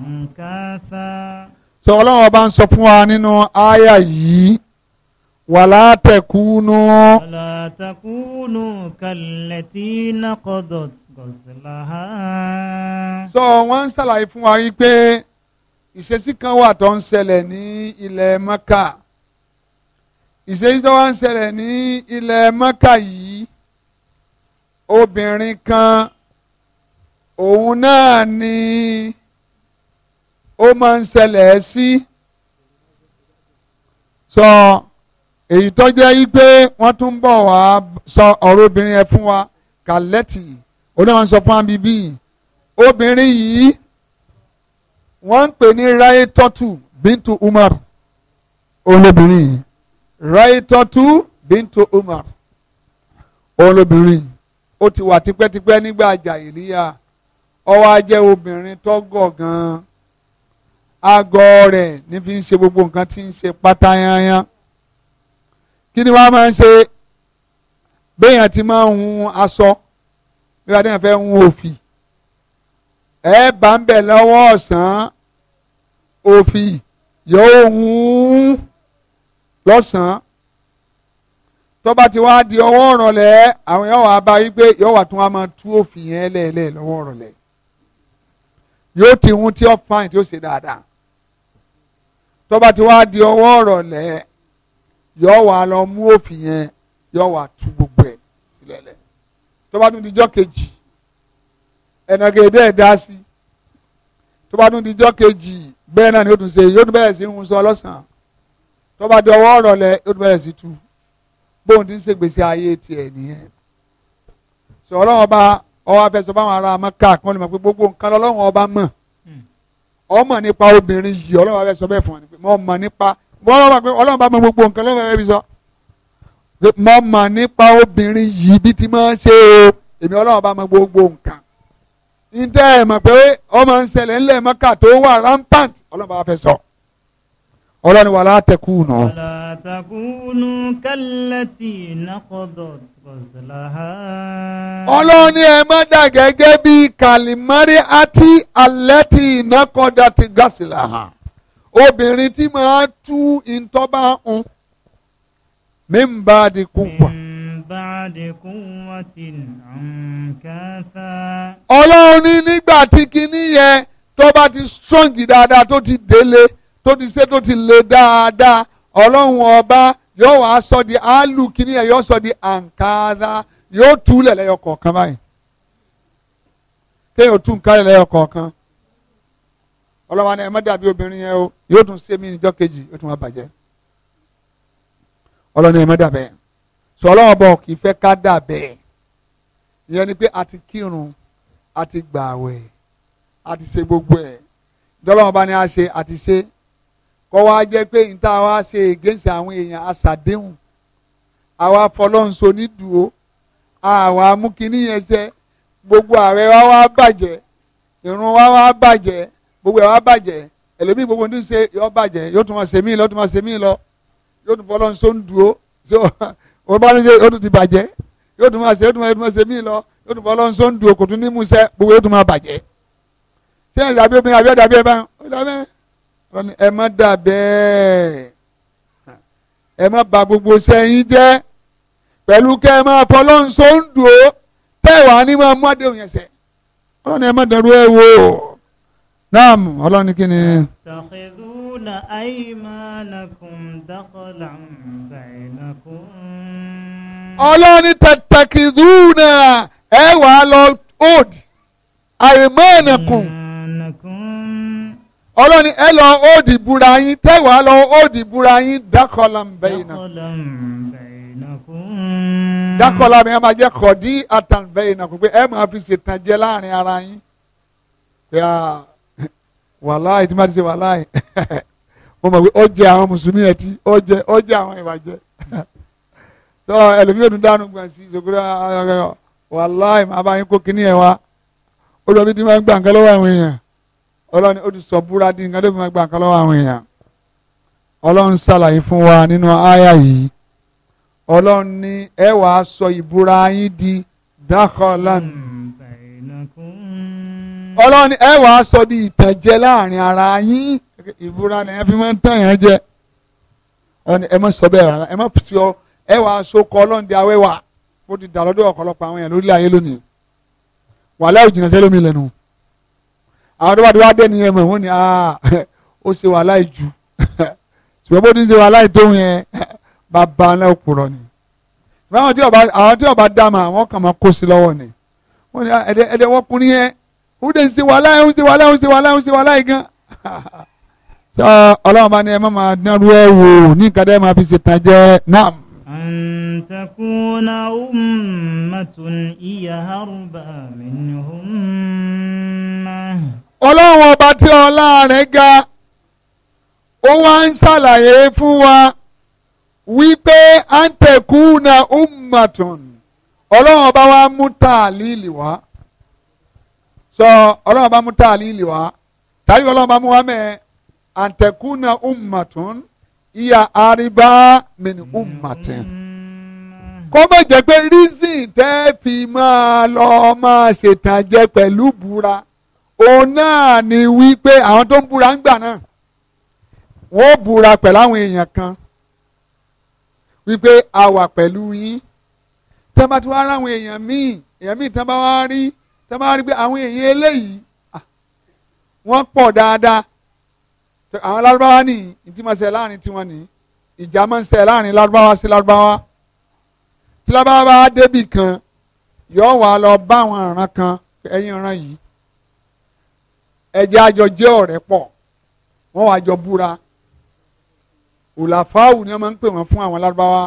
أنكاثا sọ ọlọ́run ọba ń sọ fún wa nínú àyà yìí wàlá tẹkùnú. wàlá tẹkùnú kàlẹ́tì nàkọ́dọ̀ gọ̀sìláhà. sọ wọ́n ń ṣàlàyé fún wa wípé ìṣesí kan wà tó ń ṣẹlẹ̀ ní ilẹ̀ mẹ́kà ìṣèyí tó wá ń ṣẹlẹ̀ ní ilẹ̀ mọ́kà yìí obìnrin kan òun náà ni ó máa ń ṣẹlẹ̀ sí sọ èyí tó jẹ́ wípé wọ́n tún bọ̀ wá sọ ọ̀rọ̀ obìnrin yẹn fún wa kàlẹ́tì oníwọ̀n sọ fún àmì obìnrin yìí wọ́n ń pè ní ráyé tọ́tù bíntu Umar olóbìnrin yìí raitọ́tù bintu umar òun lóbìnrin ó ti wà tipẹ́tipẹ́ nígbà jàìlíyà ó wá jẹ́ obìnrin tọ́gọ̀ gan-an àgọ́ rẹ̀ ní fi ń ṣe gbogbo nǹkan tí ń ṣe pátáyányán kí ni wọ́n máa ń ṣe béèyàn ti máa ń hun aṣọ bí wọ́n fẹ́ hun òfì ẹ bá ń bẹ̀ lọ́wọ́ ọ̀sán òfì yóò hun lọ́sàn-án tọ́ba ti wá di ọwọ́ ọ̀rọ̀lẹ́ àwọn yóò wá bá wípé yóò wá tún wá máa tú òfin yẹn lẹ́ẹ̀lẹ́ lọ́wọ́ ọ̀rọ̀lẹ́ yóò ti hun tí ó fain tí ó ṣe dáadáa tọ́ba ti wá di ọwọ́ ọ̀rọ̀lẹ́ yóò wá lọ mú òfin yẹn yóò wá tú gbogbo ẹ̀ sílẹ̀ lẹ̀ tọ́ba tún dijọ́ kejì ẹ̀nàgẹ̀dẹ̀ dá sí tọ́ba tún dijọ́ kejì bẹ́ẹ̀ náà ni ó tún ṣe yóò tún bẹ̀rẹ̀ sí ń hun sọ lọ́sàn-án tó bá dọwọ́ ọ̀rọ̀ lẹ ó bẹ̀rẹ̀ sí tu bóun ti ń ṣègbèsè ayé tiẹ̀ nìyẹn sọ ọlọ́wọ́n bá ọwọ́ afẹsọ báwọn ará Mẹ́kà kan lè mọ̀ pé gbogbo nǹkan lọ́wọ́n ọba mọ̀ ọmọ hmm. nípa obìnrin yìí ọlọ́wọ́n afẹsọ bẹ́ẹ̀ fún ọ mọ̀ mọ̀ nípa ọlọ́wọ́n bá mọ̀ gbogbo nǹkan lọ́wọ́n afẹsọ sọ mọ̀ mọ̀ nípa obìnrin yìí bí ti máa ń ṣe o èmi ọlọ́wọ́n bá mọ̀ gbogbo nǹkan ní tẹ́ ẹ̀ mọ̀ pé ọmọ ń ṣẹlẹ̀ ńlẹ̀ Mẹ́kà tó wà rampant ọlọ́wọ́n bá fẹ́ sọ. So ọlọ́ni wàlá takunu. wàlá kalati kallati naqadat ghazlaha. ọlọ́ni ẹ má dà gẹ́gẹ́ bí kalimari ati allati naqadat ghazlaha. obìnrin tí máa tú ìtọ́ba ń min ba'di quwwa. min ba'di quwwatin ankatha. ọlọ́run ní nígbà tí kinní yẹn tó bá ti strong dáadáa tó ti délé tó ti ṣe tó ti le dáadáa ọlọ́run ọba yóò wá sọ di alu kìíní ẹ̀ yóò sọ di àǹkàdá yóò tú lẹ̀lẹ́yọ kọ̀ọ̀kan báyìí kéèyàn tú nǹkan lẹ̀lẹ́yọ kọ̀ọ̀kan ọlọ́wà ni ẹ má dàbí obìnrin yẹn o yóò tún ṣe mí níjọ́ kejì yóò tún wá bàjẹ́ ọlọ́ni ẹ má dàbẹ́ sọ ọlọ́wọ́ bọ̀ kì í fẹ́ ká dàbẹ́ ìyẹn ni pé a ti kírun a ti gbààwẹ̀ a ti ṣe gbogbo ẹ̀ ìjọba wọn bá a ṣe a ti ṣe kọ́ wa jẹ́ pé n ta wa ṣe against àwọn èèyàn aṣàdéhùn àwa fọlọ́nso ní dùó àwa amúkiní yẹn ṣe gbogbo ààrẹ wa wá bàjẹ́ ìrun wa wá bàjẹ́ gbogbo ẹ̀ wá bàjẹ́ ẹlòmíì gbogbo ní ṣe yọ bàjẹ́ yóò tún ma ṣe mí lọ tún ma ṣe mí lọ yóò tún fọlọ́nso ní dùó ṣé o bá ní ṣe yóò tún ti bàjẹ́ yóò tún ma ṣe yóò tún ma ṣe mí lọ yóò tún fọlọ́nso ní dùó kò tún ní mú ṣe gbogbo yóò tún ma bàjẹ́ ṣé ẹ̀ dàbí obìnrin àbí ẹ̀ dàbí ẹ̀ bá ń wọ́n ní ẹ má dà bẹ́ẹ̀ ẹ má bà gbogbo sẹ́yìn jẹ́ pẹ̀lú kẹ́ ẹ máa fọlọ́n sóńdò tẹ́wàá ní máa mú àdéhùn yẹn sẹ́ wọ́n ní ẹ má dẹ̀rú ẹ wò naam ọlọ́run kí ni. tàkìdúnà àìmánàkùn dákọ̀là bàìnàkùn. ọlọ́run tàkìdúnà ẹ wàá lọ òdì àìmánàkùn ọlọ́ni ẹ lọ òdì búra yín tẹ́wàá lọ òdì búra yín dákọ̀lá ń bẹ̀yìn náà. dákọ̀lá mi ẹ máa jẹ́ kọ̀dí àtàǹbẹ̀yìn náà pé ẹ máa fi ṣètàn jẹ láàrin ara yín. wàláì tí má ti ṣe wàláì <laughs> mo mọ̀ pé ó jẹ àwọn mùsùlùmí ẹtí ó jẹ ó jẹ àwọn ìbàjẹ́. sọ <laughs> ẹlòmíì òdùn dànù gbọ̀n sí ìṣòkúrò wàláì màá bá yín kó kíní ẹ̀ wá ó lọ bí tí wọ́n gbà ń kẹ́ lọ́wọ́ àwọn èèyàn ọlọ́run ó ti sọ búra di nǹkan tó fi máa gba nǹkan lọ́wọ́ àwọn èèyàn ọlọ́run ṣàlàyé fún wa nínú àyà yìí ọlọ́run ní ẹ wàá sọ ìbúra yín di dákọ̀ọ́lán ọlọ́run ní ẹ wàá sọ di ìtànjẹ láàrin ara yín ìbúra ni ẹ fi máa ń tàn yẹn jẹ ọlọ́run ẹ má sọ bẹ́ẹ̀ rárá ẹ má sọ ẹ wàá so kọ ọlọ́run di awẹ́wà ó ti dà lọ́dọ̀ ọ̀pọ̀lọpọ̀ àwọn èèyàn lórílẹ̀ ayé lónìí wàhálà ìjìnlẹ̀ sẹ́lómi lẹ́nu àwọn tó bá ti wá dé nìyẹn mọ̀ wọ́n ní ah, <laughs> ó ṣe wàhálà ìjù <laughs> ṣùgbọ́n bó ti ń ṣe wàhálà ìtòhun yẹn <laughs> bàbá náà kúrọ̀ ni àwọn tí ọba àwọn tí ọba dá ma àwọn kàn máa kó sí lọ́wọ́ ni wọ́n ní ah, ẹ̀dẹ̀ ẹ̀dẹ̀ wọ́n kun yẹn ó dé ṣe wàhálà ń ṣe wàhálà ń ṣe wàhálà ń ṣe wàhálà ẹ̀ gan sọ ọlọ́run bá ní ẹ má máa dánrú ẹ wò ní nǹkan dẹ́ máa fi ṣe tán jẹ́ náà. أن تكون أمة هي أربى من ọlọ́run ọba tí ọlá rẹ̀ ga ó wá ń ṣàlàyé fún wa wípé antekuna ummatun ọlọ́run ọba wa mú tààlílì wá sọ ọlọ́run ọba mú tààlílì wá tàbí ọlọ́run ọba mú wá mẹ́ antekuna ummatun ìyá àríbá min ummatin kó má jẹ́ pé reason tẹ́ fi máa lọ máa ṣètàjẹ pẹ̀lú búra òun náà ni wípé àwọn tó ń búra ń gbà náà wọ́n ó búra pẹ̀lú àwọn èèyàn kan wípé a wà pẹ̀lú yín tẹ́ bá ti wá ráwọn èèyàn míì èèyàn míì tẹ́ bá wá rí tẹ́ bá rí pé àwọn èèyàn eléyìí wọ́n pọ̀ dáadáa àwọn lárúbáwá ní ìdí láàrin tiwọn ní ìjà máa ń ṣe láàrin lárúbáwá sí lárúbáwá tí lárúbáwá bá débì kan yóò wá lọ bá àwọn ọ̀ràn kan ẹ̀yìn ọ̀ràn yìí ẹjẹ́ àjọ jẹ́ ọ̀rẹ́ pọ̀ wọ́n wàá jọ búra òlàfáàwù ni wọ́n máa ń pè wọ́n fún àwọn lárúbáwá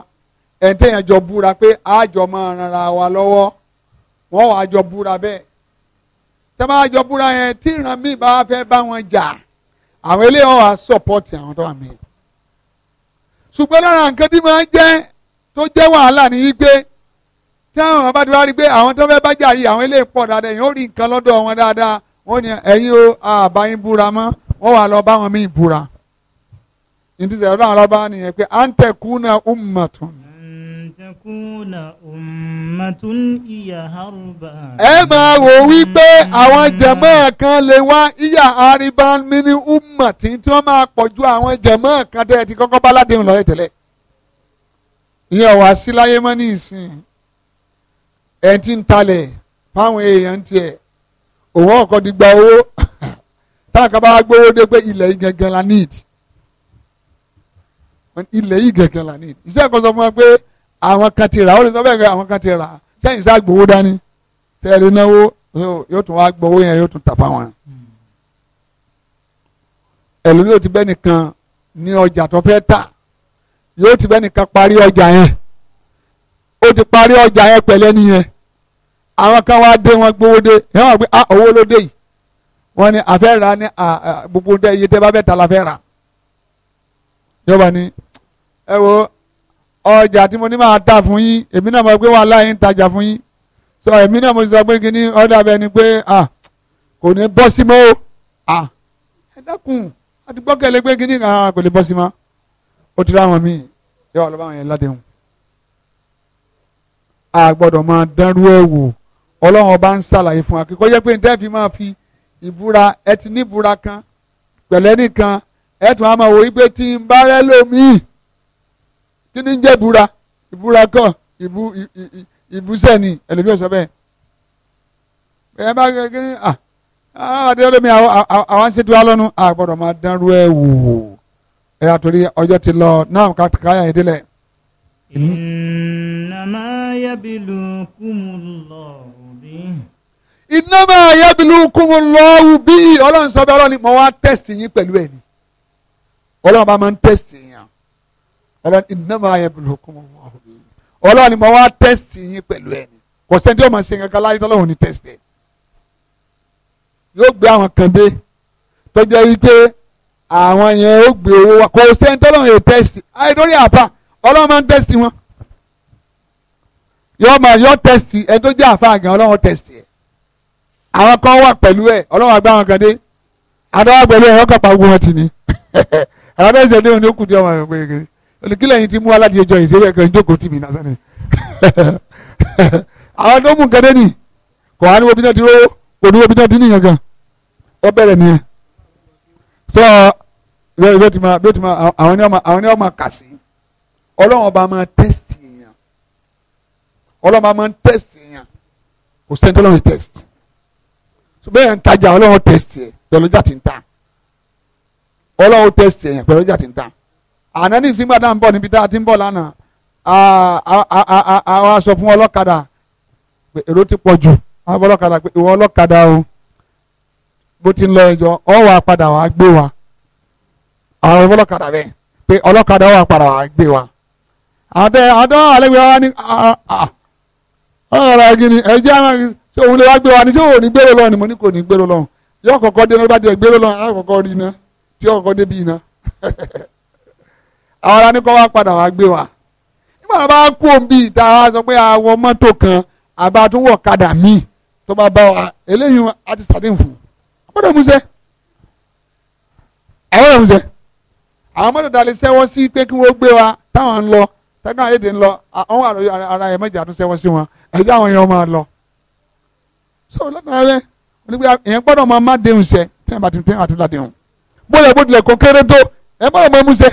ẹni tẹ́yàn jọ búra pé àjọ máa ran ara wa lọ́wọ́ wọ́n wàá jọ búra bẹ́ẹ̀ tẹ́ bá jọ búra yẹn tí ìran míì bá fẹ́ bá wọn jà àwọn eléyìí wọ́n wàá sọ̀pọ̀tì àwọn tó wà mí. ṣùgbọ́n lára nǹkan tí máa ń jẹ́ tó jẹ́ wàhálà ní wípé tí àwọn bá ti wá rí pé àwọn tó fẹ́ bá jà yìí àwọn eléyìí pọ̀ dáadáa wọ́n ní ẹ̀yin o àbá yín búra mọ́ wọ́n wà lọ bá wọn míì búra ìtúsẹ̀ ọ̀dọ́ àwọn ọlọ́ba nìyẹn pé à ń tẹ̀kú na ummatun. tẹ̀kúnà ummatun ìyá àrùbá. ẹ máa wò wípé àwọn mm. jẹ̀mọ́ kan lè wá ìyá àrùbá mini ummatin tí wọ́n máa pọ̀ ju àwọn jẹ̀mọ́ kan tẹ́ ẹ ti kọ́kọ́ bá ládéhùn lọ́yẹ̀ ìyẹn wá sí láyé mọ́ ní ìsìn ẹ̀ ti ń talẹ̀ fáwọn èèyàn tiẹ̀ òun ọkọ ti gba owó táàkà bá gbowó dé pé ilẹ̀ yìí gangan la need ilẹ̀ yìí gangan la need iṣẹ́ kan sọ fún wa pé àwọn kan ti rà ó lè sọ bẹ́ẹ̀ kẹ́ àwọn kan ti rà sẹ́yìn sá gbowó dání tẹ́lẹ̀ náwó yóò tún wá gbowó yẹn yóò tún tàpá wọn. ẹlòmíràn ti bẹ́ẹ̀ nìkan ní ọjà tó fẹ́ tà yóò ti bẹ́ẹ̀ nìkan parí ọjà yẹn ó ti parí ọjà yẹn pẹ̀lẹ́ nìyẹn àwọn kan wá dé wọn gbowó dé ẹ wọn gbé ah, owó ló dé yìí wọn ni àfẹ́ ra ni gbogbo tẹ iye tẹ bá fẹ́ ta la fẹ́ ra yọba ni ẹ wo ọjà tí mo ní máa ta fún yín èmi náà mo gbé wọn aláì ń tajà fún yín sọ èmi náà mo sọ pé kí ni ọ̀dà bẹ ni pé ah kò ní bọ́ sí mọ́ o ah ẹ dákun àdúgbò kẹlẹ pé kí ni ah kò lè bọ́ sí mọ́ ó ti ráwọn míì yọ ọ lọ bá wọn yẹn ládéhùn a gbọ́dọ̀ máa dánrú ẹ̀ wò ọlọ́run ọba ń ṣàlàyé fún wa kíkọ́ jẹ́ pé níta fi máa fi ìbúra ẹ ti ní ìbúra kan pẹ̀lẹ́ nìkan ẹ tún á máa wò wípé tí n bá rẹ́ lómii kí ni ń jẹ́ ìbúra ìbúra kọ́ ìbú ìbúsẹ̀ ni ẹlòmí ọ̀sọ́ bẹ́ẹ̀ bẹ́ẹ̀ bá gẹ́gẹ́ ní à àdé ọlọ́mi àwọn ṣètò alọ́nu àgbọ̀dọ̀ máa dánrú ẹ̀ wò ẹ̀ àtòrí ọjọ́ ti lọ náà káyà ìdílẹ̀. innama yablukumullah iná máa yẹ bílú kún un lọ́wọ́ bí ọlọ́run sọ bẹ́ẹ̀ ọlọ́run ni mo wá tẹ̀sì yín pẹ̀lú ẹ̀ ni ọlọ́run bá máa ń tẹ̀sì yín ọlọ́run iná máa yẹ bílú kún un lọ́wọ́ bí ọlọ́run ni mo wá tẹ̀sì yín pẹ̀lú ẹ̀ ni kò sẹ́ni tí ó máa ṣe nǹkan kan láyé tọ́lọ́run ní tẹ̀sì ẹ̀ yóò gbé àwọn kan dé tó jẹ́ wípé àwọn yẹn ó gbé owó wa kò sẹ́ni tọ́lọ́run yóò tẹ̀sì àìdórí àpá ọlọ́run máa ń yóò máa yọ tẹ̀sì ẹni tó jẹ́ àfa àgàn ọlọ́run tẹ̀sì ẹ̀ àwọn kan wà pẹ̀lú ẹ̀ ọlọ́run àgbà wọn kan dé àdáwà pẹ̀lú ẹ̀ ọkọ̀ pa gbogbo wọn ti ni <laughs> àwọn náà ṣe déhùn ní òkú tí ọmọ rẹ̀ pé kiri olùkílẹ̀ yìí ti mú aládìí ẹjọ́ yìí ṣeré ẹ̀kan ìjókòó tì mí náà sẹ́ni <laughs> àwọn tó mú kẹ́dẹ́ nì kò wá ní wo bí náà ti rówó kò ní wo bí náà ti níyàn gan ó bẹ̀rẹ̀ nìyẹn sọ bí ó ti máa àwọn ní ọmọ kà sí ọlọ́run ọba máa tẹ́st ọlọ́run máa ń test yẹn kò sẹ́ni tó lọ́run test so bẹ́ẹ̀ yẹn ń tajà ọlọ́run test yẹn pẹ̀lú ọjà tí ń ta ọlọ́run test yẹn pẹ̀lú ọjà tí ń ta àná ní ìsìnkú àdá ń bọ̀ níbi tá a ti ń bọ̀ lánàá àwọn aṣọ fún ọlọ́kadà pé èrò ti pọ̀ jù àwọn ọlọ́kadà pé ìwọ ọlọ́kadà o bó ti ń lọ ẹjọ́ ọ wà padà wàá gbé wa àwọn ọlọ́kadà bẹ́ẹ̀ pé ọlọ́kadà ọ wà padà wàá gbé wa àwọn tẹ àwọn tó wà lẹ́gbẹ̀ẹ́ wa ní ọ̀rọ̀ gini ẹ̀jẹ̀ àwọn ṣé òun lè wá gbé wa ni ṣé òun ní gbèrò ni mo ní kò ní gbèrò lọ́wọ́ yóò kọ́kọ́ dé náà bá tiẹ̀ gbèrò lọ́wọ́ kọkọ rí iná tí dé bí iná. <laughs> àwọn ní wá padà wá gbé wa nígbà bá kú òbí sọ pé kan àbá kadà tó bá bá a ti sàdéhùn fún ta sí pé kí gbé wa ẹjẹ àwọn èèyàn máa lọ so lọ́nà rẹ onígbé èèyàn gbọ́dọ̀ máa má déhùn sẹ tẹ́yìn bá ti tẹ́yìn àti ládéhùn bóyá bó tilẹ̀ kó kéré tó ẹ gbọ́dọ̀ máa mú sẹ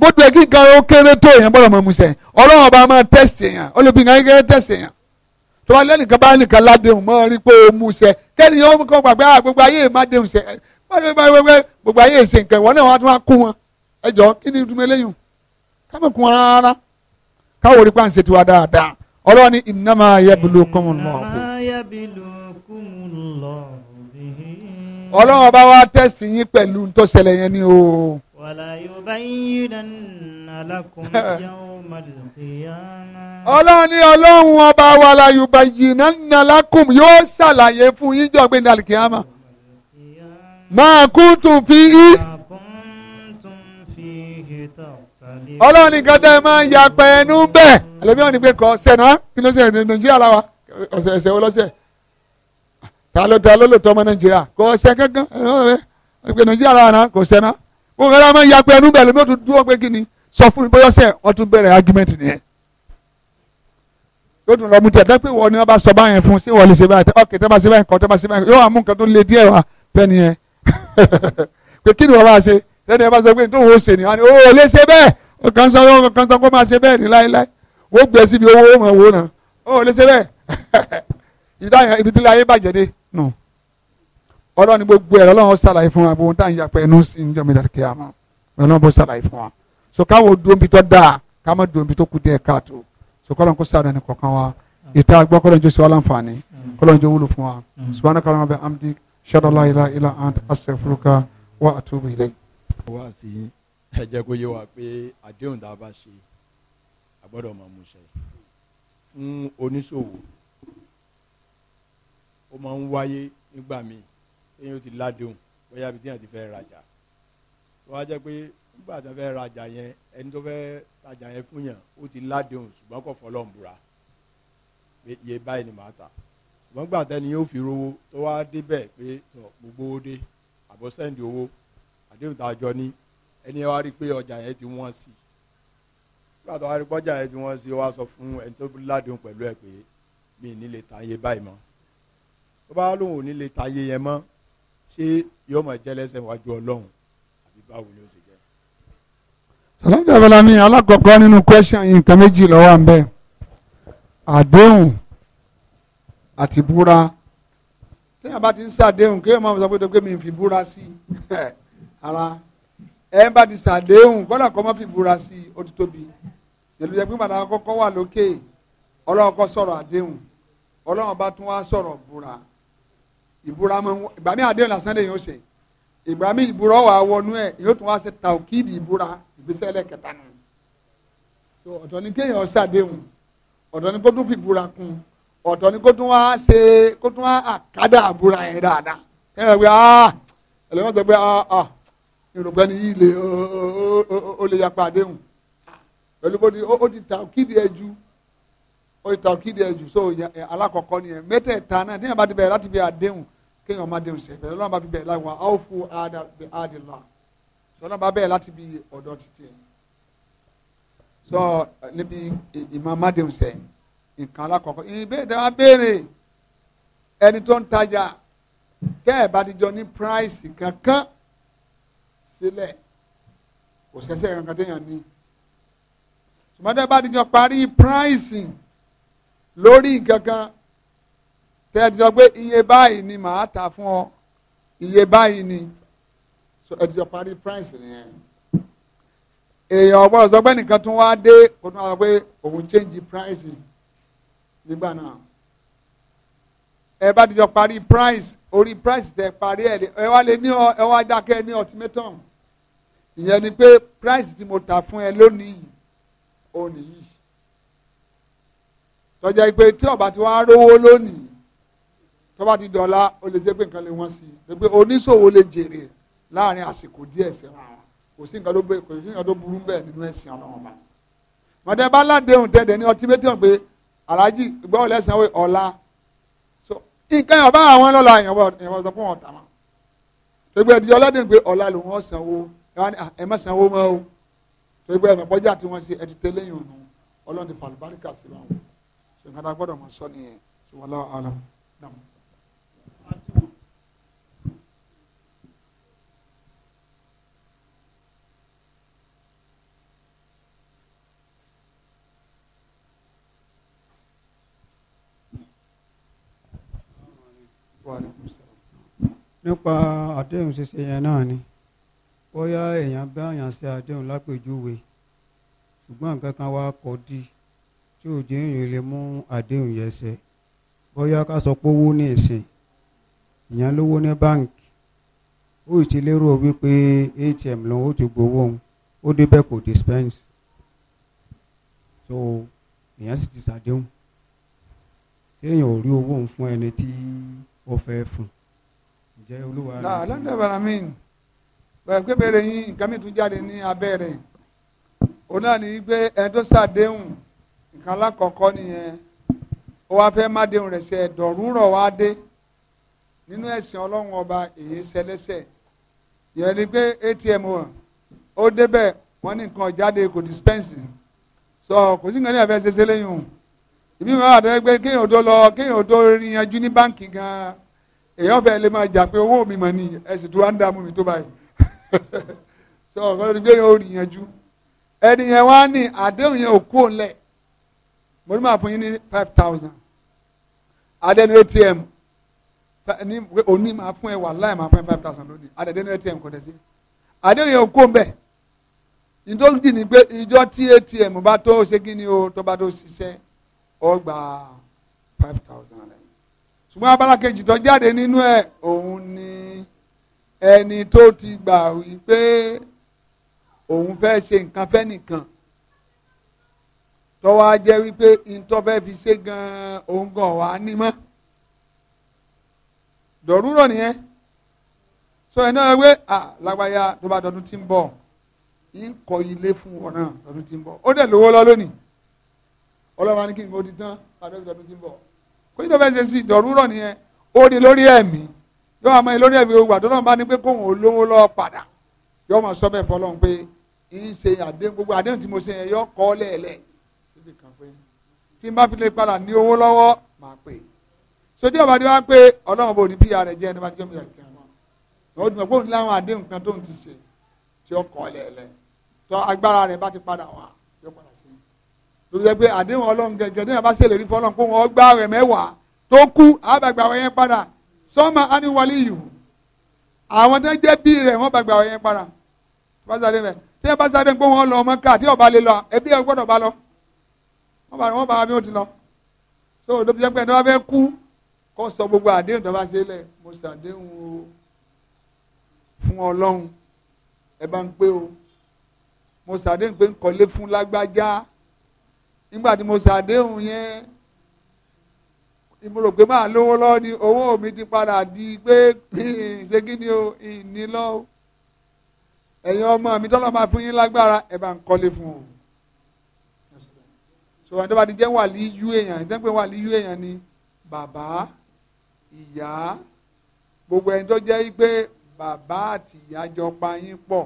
bó tilẹ̀ kí nǹkan ó kéré tó èèyàn gbọ́dọ̀ máa mú sẹ ọlọ́run ọba máa tẹ̀sì èèyàn ó lè fi nǹkan kékeré tẹ̀sì èèyàn tó bá lẹ́nìkan bá nìkan ládéhùn mọ́ rí pé ó mú sẹ kẹ́ni ó kọ́ gbàgbé ah, gbogbo ayé má déhùn sẹ gbogbo ayé ṣe nǹkan ìwọ náà wọ́n á káwọ́ rí pàǹsẹ̀ tiwa dáadáa ọlọ́run ní innama yablukumullahu. ọlọ́run ọba wa tẹ̀sí yín pẹ̀lú tó yẹn ni o. wala yubayyinanna lakum yawmal qiyamah. ọlọ́run ní ọlọ́run ọba wala yubayyinanna lakum yóò ṣàlàyé fún yín jọ̀gbìn dàlùkìyàmà. ma kuntum fi í ọlọ́run nìkan tẹ́ ẹ máa ń ya pẹ́ ẹnu bẹ́ẹ̀ ẹlòmíràn ní pé kọ́ sẹ́nà ah, kí ló ṣe nàìjíríà la wa ọ̀sẹ̀ ẹ̀sẹ̀ ọlọ́sẹ̀ ta ló ta ló lò tọ́ ọmọ nàìjíríà kò ṣe kankan ẹ̀rọ nàìjíríà la wa kò sẹ́nà wọn kọ́ ẹ máa ń ya pẹ́ ẹnu bẹ́ẹ̀ ẹlòmíràn tún dúró pé kí ni sọ fún mi bóyá sẹ́ wọ́n tún bẹ̀rẹ̀ argument nìyẹn yóò tún lọ mú tẹ̀ dẹ́pẹ́ wọ ni wọ́n bá sọ báyẹn fún sí wọ́n lè ṣe báyẹn ọkẹ́ tẹ́ bá ṣe báyẹn kọ́ tẹ́ bá ṣe báyẹn yóò àmú nǹkan tó le díẹ̀ wa fẹ́ nìyẹn <laughs> pé kí ni wọ́n bá ṣe lẹ́nu ẹ bá sọ pé nítorí wọ́n ṣe ni wọ́n á ní ó lè ṣe bẹ́ẹ̀ ọ̀kan sọ yọ ọ̀kan sọ kó máa ṣe bẹ́ẹ̀ ní láéláé ó gbé e síbi owó ó mọ̀ owó náà ó lè ṣe bẹ́ẹ̀ <laughs> ibi tí láyé bàjẹ́ dé nù ọlọ́run ni gbogbo ẹ̀rọ ọlọ́run ṣàlàyé fún wa bóun tá à ń yàpẹ́ ẹnu sí ní jọmídàá kí a mọ̀ ọlọ́run bó ṣàlàyé fún wa so káwọn dùnbi tó dáa káwọn dùnbi tó kù díẹ̀ káàtó so kọ́lọ́n kó sàrẹ̀ ní kọ̀ọ̀kan wa ìta gbọ́ kọ́lọ́n jó sí wa láǹfààní kọ́lọ́n jó wúlò fún wa subahana kalama bẹ amdi shadala ila ila ant asefuruka wa atubu ilẹ̀ ẹ jẹ́ kó yé wa pé àdéhùn tá a bá ṣe a gbọ́dọ̀ máa mú ṣẹ fún oníṣòwò ó máa ń wáyé nígbà míì téèyàn ti ládéhùn bóyá ibi téèyàn ti fẹ́ rajà tó wá jẹ́ pé nígbà tí wọ́n fẹ́ rajà yẹn ẹni tó fẹ́ rajà yẹn fún yàn ó ti ládéhùn ṣùgbọ́n kò fọlọ́n búra pé iye báyìí ni màá tà ṣùgbọ́n gbà tẹ́ni yóò fi rówó tó wá débẹ̀ pé gbogbo ó dé àbọ̀ sẹ́ǹdì owó àdéhùn tá a jọ ní ẹni ẹ wá rí i pé ọjà yẹn ti wọ́n sí i nígbà tó wá rí i pé ọjà yẹn ti wọ́n sí i ó wá sọ fún ẹni tó ládùn pẹ̀lú ẹ pé mi ì nílé ta iye báyìí mọ́ tó bá lóun ò nílé ta iye yẹn mọ́ ṣé yóò mọ̀ jẹ́ lẹ́sẹ̀ wájú ọlọ́run àbí báwo ni ó ṣe jẹ́. sàlámù jàbẹ́lá mi alákọ̀ọ́kọ́ nínú kwẹ́sàn yìí nǹkan méjì ló wà ń bẹ̀ àdéhùn àti búra téèyàn bá ti ń ṣàdéhùn kéèyàn máa sọ pé tó gbé mi fi búra sí ara. <laughs> ẹ bá ti sàdéhùn bọ́dà kọ́ má fi búra sí i ó ti tóbi pẹ̀lú ẹgbẹ́ kọ́kọ́ wà lókè ọlọ́run kọ́ sọ̀rọ̀ àdéhùn ọlọ́run bá tún wá sọ̀rọ̀ búra ìbúra mọ́ ìgbà mi àdéhùn lásán lè yín ó ṣe ìgbà mi ìbúra wà wọnú nù ni kéèyàn sàdéhùn ni kó tún fi búra ni kó tún wá ìrògbẹ́ ni yìí lè ó lè yapa àdéhùn pẹ̀lú bó ti ó ti ta kídi ẹ ju ó ti ta kídi ẹ ju so alákọ̀ọ́kọ́ ni ẹ mẹ́tẹ̀ẹ̀ta náà díẹ̀ bá ti bẹ̀rẹ̀ láti bẹ̀rẹ̀ àdéhùn kéèyàn má déhùn sẹ́fẹ̀ lọ́nà bá fi bẹ̀rẹ̀ láti wà áwò fún àdìlá lọ́nà bá bẹ̀rẹ̀ láti bí ọ̀dọ́ títí ẹ̀ sọ níbi ìmọ̀ má déhùn sẹ́ nǹkan alákọ̀ọ́kọ́ ìbéèrè wa béèrè ẹni tó ń tajà tẹ́ ẹ̀ bá ti jọ ní price kankan sílẹ̀ kò sẹ́sẹ́ kankan téèyàn ní sùmọ́tẹ́ bá ti parí pricing lórí nǹkan kan tẹ́ ẹ ti sọ pé iye báyìí ni màá ta fún ọ iye báyìí ni ẹ ti jọ parí price nìyẹn èèyàn ọgbọ́n sọ pé nìkan tún wá dé kó tún wá sọ pé òun change price nígbà náà ẹ bá ti jọ parí price orí price tẹ parí ẹ ẹ wá lè ní ọ ẹ wá dákẹ́ ní ultimatum ìyẹn ni pé price tí mo tà fún ẹ lónìí yìí ó nìyí tọjá pé tí ọba ti wá rówó lónìí tọba ti dọ̀la ó lè jẹ́ pé nǹkan lè wọ́n sí i pé oníṣòwò lè jèrè láàrin àsìkò díẹ̀ sẹ́wọ̀n kò sí nǹkan tó bẹ kò sí nǹkan tó burú bẹ́ẹ̀ nínú ẹ̀sìn ọlọ́run ọba mọ̀tẹ́ bá ládéhùn tẹ́tẹ́ ní ọtí méjì hàn pé aláàjì ìgbọ́wọ́ lẹ́sàn-án ọ̀la so nǹkan yẹn ọba àwọn ọlọ́la yẹn wọ́n sọ fún ọ̀tá wọn pé ẹ̀dí ọlọ́dún ẹ má sanwó mọ́ o torí pé ẹ̀nà bọ́jà tí wọ́n ṣe ẹ ti tẹ lẹ́yìn ònu ọlọ́run ti fàlùbáríkà sí wọn ṣe nǹkan tá a gbọ́dọ̀ mọ̀ sọ nìyẹn ṣùgbọ́n láwọn ará náà. nípa àdéhùn ṣíṣe yẹn náà ni bóyá èèyàn bá èèyàn ṣe àdéhùn lápèjúwe ṣùgbọ́n nǹkan kan wá kọ́ di tí ò jẹ́ èèyàn lè mú àdéhùn yẹn ṣẹ bóyá ká sọ pé owó ní ìsìn èèyàn lówó ní báǹkì ó ì ti lérò wípé atm lòun ó ti gbowó òun ó débẹ̀ kò dispense so èèyàn sì ti ṣàdéhùn téèyàn ò rí owó òun fún ẹni tí ó fẹ́ fún ǹjẹ́ olúwa rẹ̀ ti bẹ̀rẹ̀ pé bẹ̀rẹ̀ yín nǹkan mi tún jáde ní abẹ́ rẹ̀ òun náà ní gbé ẹni tó ṣàdéhùn nǹkan alákọ̀ọ́kọ́ nìyẹn ó wá fẹ́ má déhùn rẹ̀ ṣe ẹ̀dọ̀rúrọ̀ wá dé nínú ẹ̀sìn ọlọ́run ọba èyí ṣẹlẹ́sẹ̀ yẹn ni pé atm wọn ó débẹ̀ wọ́n ní nǹkan jáde kò dispense sọ kò sí nǹkan ní àfẹ́ ṣẹṣẹ lẹ́yìn o ìbí mi wà dé pé kéèyàn tó lọ kéèyàn tó ríyanjú ní báǹkì gan èèyàn fẹ́ lè máa jà pé owó mi mọ̀ ni ẹ̀sìn tó wá ń dààmú mi tó báyìí sọ ọ̀gá lórí gbé yẹn ó rí yẹn jú ẹni yẹn wá ní àdéhùn yẹn ò kú òun mo ní máa fún yín ní five thousand adẹ́nu atm ní òní máa fún ẹ wà láì máa fún ẹ five thousand lónìí adẹ́nu atm kò dẹ̀ sí àdéhùn yẹn ò kú òun bẹ̀ ni pé ìjọ tí atm bá tó ṣe kí ni o tó bá tó ṣiṣẹ́ ó gba five thousand rẹ̀ ṣùgbọ́n abala kejì tó jáde nínú ẹ̀ òun ni ẹni tó ti gbà wípé òun fẹ́ ṣe nǹkan fẹ́ nìkan tọ́wọ́ á jẹ́ wípé ntọ́fẹ́ fi ṣe gan-an òun gan wà á ní mọ́ dọ̀rúrọ̀ nìyẹn so ẹ̀ náà wé à lágbáyà tó bá dọdún tí ń bọ̀ ń kọ́ ilé fún wọn náà dọdún tí ń bọ̀ ó dẹ̀ lówó lọ lónìí ọlọ́run ní kí n kó ti tán adọ́bí dọdún tí ń bọ̀ kó ní tó ṣe sí dọ̀rúrọ̀ nìyẹn ó di lórí ẹ̀mí yóò máa lórí ẹ̀mí ogun àtọ́nà bá ní pé kóun olówó lọ́ọ́ padà yóò máa sọ bẹ́ẹ̀ fọlọ́run pé ń ṣe àdéhùn gbogbo àdéhùn tí mo ṣe yẹn yóò kọ́ lẹ́ẹ̀lẹ́ tí n bá fi lè padà ní owó lọ́wọ́ máa pè sojú ọba ni wá pé ọlọ́run bò ní pr rẹ̀ jẹ́ ẹni bá jẹ́ mi rẹ̀ kí wọn ó dùn pé òun láwọn àdéhùn kan tó ń ti ṣe tí ó kọ́ lẹ́ẹ̀lẹ́ tó agbára rẹ̀ bá ti padà wá yóò padà sí i lórí ẹgbẹ́ àdéhùn ọlọ́run gẹ́gẹ́ tí yàrá bá ṣèlérí fọlọ́run kó wọn gbá rẹ̀ mẹ́wàá tó kú àbàgbà wọn yẹn padà sọ́mà áníwálé yìí àwọn tó ń jẹ́ bí rẹ̀ wọ́n bàgbà ọ̀yẹ́ para pásítọ̀ bẹ́ẹ̀ tí wọ́n pásítọ̀ dé pé wọ́n lọ ọmọ káà tí ọba lè lọ ẹbí ẹ gbọ́dọ̀ bá lọ wọ́n bá wọn bá wa bí wọ́n ti lọ so ló fi jẹ́ pé ẹni wọ́n fẹ́ kú kó sọ gbogbo àdéhùn tó bá ṣe lẹ̀ mo ṣàdéhùn o fún ọlọ́run ẹ bá ń pé o mo ṣàdéhùn pé ń kọ́lé fún lágbájá nígbà tí mo ṣàdéhùn yẹn ìmúrògbé máa lówó lọ́wọ́ ni owó mi ti padà di pé ṣé ni o ìní lọ́wọ́ ẹ̀yin ọmọ mi tọ́lọ́ máa fún yín lágbára ẹ̀ bá ń kọ́lé fún o sọ̀rọ̀ tó bá ti jẹ́ wàlí yú èèyàn ẹ̀ tẹ́pẹ́ wàlí yú èèyàn ni bàbá ìyá gbogbo ẹni tó jẹ́ pé bàbá àti ìyá jọ pa yín pọ̀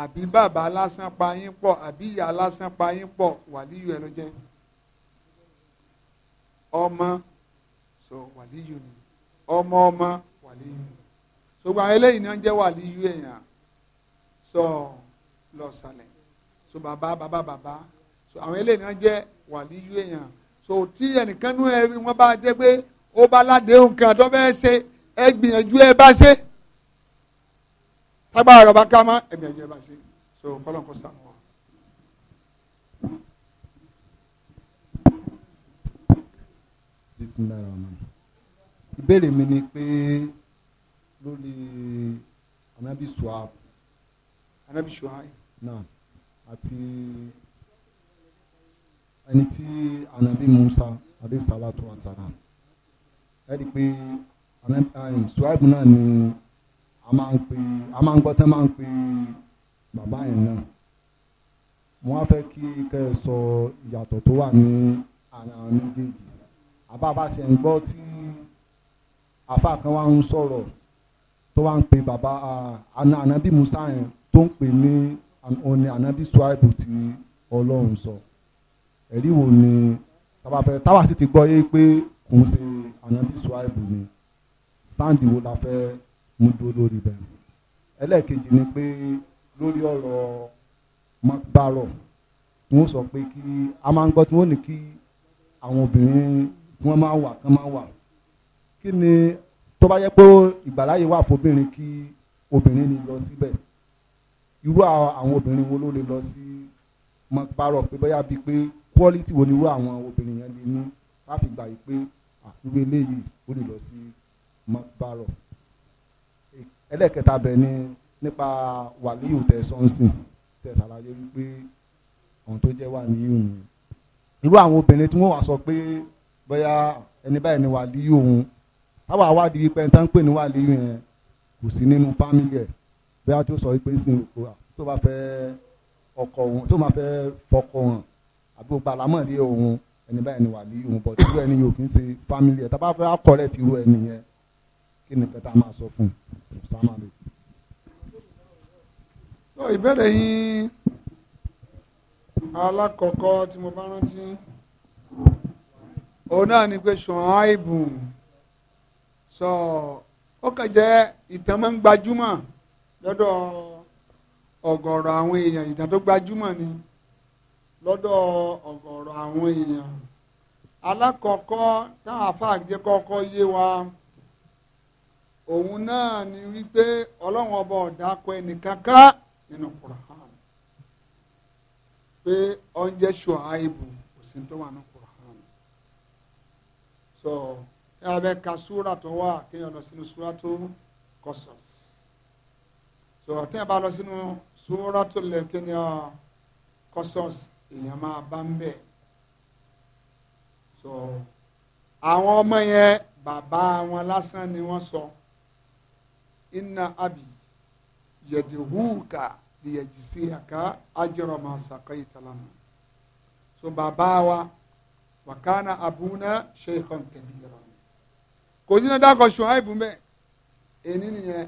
àbí bàbá lásán pa yín pọ̀ àbí ìyá lásán pa yín pọ̀ wàlí yú ẹ ló ọmọ so wàlíyù ni ọmọ ọmọ wàlíyù ni so gba eléyìí náà jẹ́ wàlíyù èèyàn so lọ sàlẹ̀ so bàbá bàbá bàbá so àwọn eléyìí náà jẹ́ wàlíyù èèyàn so tí ẹnìkan nú ẹ wọn bá jẹ́ pé ó bá ládéhùn kan tó fẹ́ ṣe ẹ gbìyànjú ẹ bá ṣe tágbára rẹ̀ bá ká mọ́ ẹ gbìyànjú ẹ bá ṣe so kọ́lọ́n kó sàmù. bisimilahi rahman ìbéèrè mi ni pé lórí anabi suhab anabi suhab náà àti ẹni tí anabi musa alayhi salatu wa salam ẹ rí pé suhab um, náà ni a máa ń pe a máa ń gbọ́ tán máa ń pe bàbá yẹn náà mo wá fẹ́ kí kẹ́ ẹ sọ ìyàtọ̀ tó wà ní ara méjèèjì àbábá ṣe ń gbọ́ tí àfa kan wá ń sọ̀rọ̀ tó wá ń pe bàbá ànábì Musa yẹn tó ń pè ní òní anabi Suwaibu tí Ọlọ́run sọ ẹ̀rí wo ni tabafẹ́ táwa sì ti gbọ́ yé pé kò ń ṣe ànábì Suwaibu ni stand wo la fẹ́ mú dúró lórí bẹ́ẹ̀ ẹlẹ́ẹ̀kejì ni pé lórí ọ̀rọ̀ mọ́gbárọ̀ tí wọ́n sọ pé kí a máa ń gbọ́ tí wọ́n ní kí àwọn obìnrin kí wọ́n máa wà kí wọ́n máa wà kí ni tó bá yẹ pé ìgbàláyè wà fóbìnrin kí obìnrin ni lọ síbẹ̀ irú àwọn obìnrin wo ló lè lọ sí mọ parọ pé bóyá bíi pé quality wo ni irú àwọn obìnrin yẹn lè ní láti gbà yìí pé àfiwé eléyìí ó lè lọ sí mọ parọ bẹ̀ ni nípa wàlíù tẹ sọ́nsìn tẹ ṣàlàyé wípé ọ̀hún tó jẹ́ wà ní ìhùn irú àwọn obìnrin tí wọ́n wá sọ pé bóyá ẹni báyìí ni wàlíyù òun táwa àwádìí wípé ẹni tá ń pè ní wàlíyù yẹn kò sí nínú fámìlì ẹ̀ bóyá tó sọ wípé ń sin òkú à tó bá fẹ́ ọkọ òun tó máa fẹ́ fọkọ hàn àbí gbogbo àlámọ̀rí òun ẹni báyìí ni wàlíyù òun bọ̀ tí irú ẹni yóò kí ń ṣe fámìlì ẹ̀ tá bá fẹ́ akọ̀rẹ́ ti irú ẹni yẹn kí ni kẹta máa sọ fún un sámà ìbéèrè yín alákọ̀ọ́kọ́ tí mo bá rántí. òun naa ni pé sọ ó kàn jẹ́ ìtàn máa ń gbajúmọ̀ lọ́dọ̀ ọ̀gọ̀rọ̀ àwọn èèyàn ìtàn tó gbajuma ni lọ́dọ̀ ọ̀gọ̀rọ̀ àwọn èèyàn alákọ̀ọ́kọ́ táwọn afa jẹ́ kọ́kọ́ yé wa òun náà ni wípé ọlọ́run ọba ọ̀dà kọ ẹnìkanká nínú Kùránì pé ọ̀njẹ́ ṣùháìbù kò osin to wa so abẹ́ ka súra tó wà kéèyàn lọ sínú súra tó Qasas so téèyàn bá lọ sínú súra tó lẹ̀ kéèyàn Qasas èèyàn máa bá ń bẹ̀ so àwọn ọmọ yẹn bàbá wọn lásán ni wọ́n sọ inna abi yẹ̀dìhúùkà lìyẹ̀jìsí àká ajẹ́rọ̀ máa sàkọ́ ìtàlámù so bàbá wa wakana abuna ṣèkàn kẹbìrọ kò sí ní dákọ ṣùháìbù mbẹ èyí nìyẹn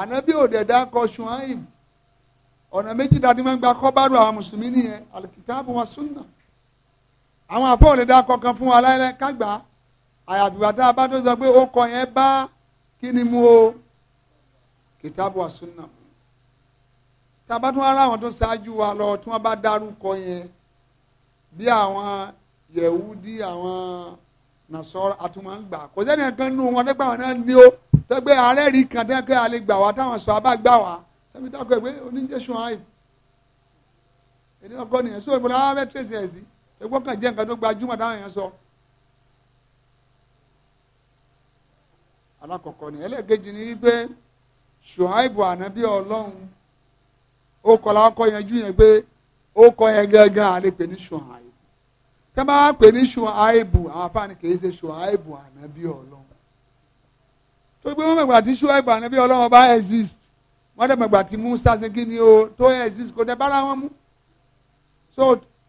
ànábì òde dákọ ṣùháìbù ọ̀nà méjì dáadé máa ń gba kọ́bárù àwọn mùsùlùmí nìyẹn alìkìtàbù wa súnà àwọn àfọ òde dákọ kan fún wa láyé kágbà àyàbìwà tá a bá tó sọ pé ó kọ yẹn mu o kìtàbù wa súnà mu tá a bá tún ara àwọn tó ṣáájú wa lọ tí wọ́n bá dárúkọ yẹn bí yẹ̀wúdí àwọn nàṣọ́rọ̀ àtúmọ̀ ń gbà kò sẹ́ni kan nù wọn dẹ́gbà wọn náà ní o tẹ́gbẹ́ alẹ́ rí kan tẹ́gbẹ́ alẹ́ gbà wá táwọn sọ abá gbà wá tẹ́gbẹ́ tọ́kọ̀ ìwé oníjẹ́sùn àìf èdè ọkọ nìyẹn sọ ìbọn láwọn fẹ́ tẹ̀sí ẹ̀ sí ẹgbọ́n kan jẹ́ nǹkan tó gbajúmọ̀ táwọn èèyàn sọ. alákọ̀ọ́kọ́ ni ẹlẹ́ẹ̀kejì ni wípé ṣùháìbù ànábì ọlọ́run ó kọ́ la ọkọ̀ yẹn jú yẹn pé ó kọ́ yẹn gángan àlepè ní ṣùháì tẹ́ bá pè ní ṣùáìbù àwọn afáàní kì í ṣe ṣùáìbù ànábì ọlọ́run torí pé wọ́n mẹ̀gbà tí ṣùáìbù ànábì ọlọ́run bá exist wọ́n dẹ̀ mẹ̀gbà tí Musa ṣe kí ni o tó exist kò dẹ̀ bára wọn mú so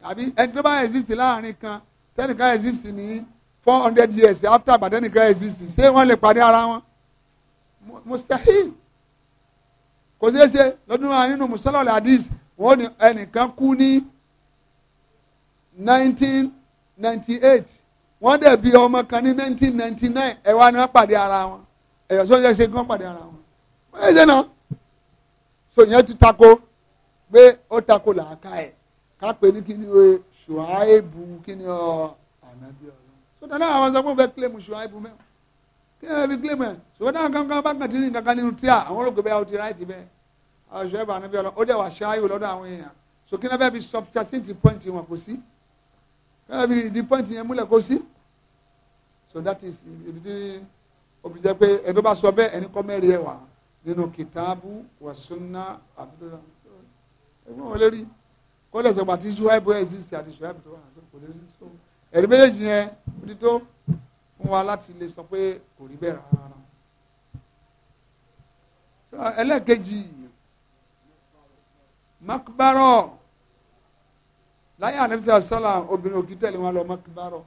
àbí ẹni tó bá exist láàrin kan tẹ́nìkan exist ní four hundred years after gbàtẹ́nìkan exist ṣé wọ́n lè parí ara wọn mustahil kò ṣeé ṣe lọ́dún wa nínú musalọ́ọ̀lù hadith wọ́n ní ẹnìkan kú ní nineteen ninety eight wọ́n dẹ̀ bí ọmọ kan ní nineteen ninety nine ẹ̀ wá ní wọ́n pàdé ara wọn ẹ̀yọ́ sọ́jà ṣe kí wọ́n pàdé ara wọn wọ́n yẹ ṣe náà so yẹn ti tako pé ó tako làákà ẹ̀ ká pè ní kí ni o ṣùháìbù kí ni ọ ànábì ọ̀rọ̀ so dáná àwọn sọ fún bẹ́ẹ̀ kílèmù ṣùháìbù mẹ́wàá kí ẹ fi kílèmù ẹ̀ ṣùgbọ́n táwọn kankan bá kàn ti ní kankan nínú tíà àwọn olùkọ́ bẹ́ẹ̀ ọtí ráìtì bẹ́ẹ̀ ṣùháìbù ànábì ọ̀rọ̀ ó dẹ̀ wà ṣááyù lọ́dọ̀ àwọn èèyàn so kí ni wọ́n fẹ́ fi substitute point wọn kò sí ẹ bí ìdí pọ́ǹtì yẹn múlẹ̀ kó sí so that is ibi tí òbí jẹ́ pé ẹni tó bá sọ bẹ́ẹ̀ ẹni kọ́ mẹ́rin ẹ̀ wá nínú kìtàbù wa sunna àbúrò ẹgbẹ́ wọn lérí kọ́lẹ̀ sọ̀gbà tí suwaibu exist àti suwaibu tó wà lọ́sọ̀ kò lérí so ẹ̀rí méjèèjì yẹn ó ti tó fún wa láti lè sọ pé kò rí bẹ́ẹ̀ rárá ẹlẹ́ẹ̀kejì makbaro láyé ànábísà sọ́là obìnrin òkú tẹ̀lé wọn lọ mọ́kìbárọ̀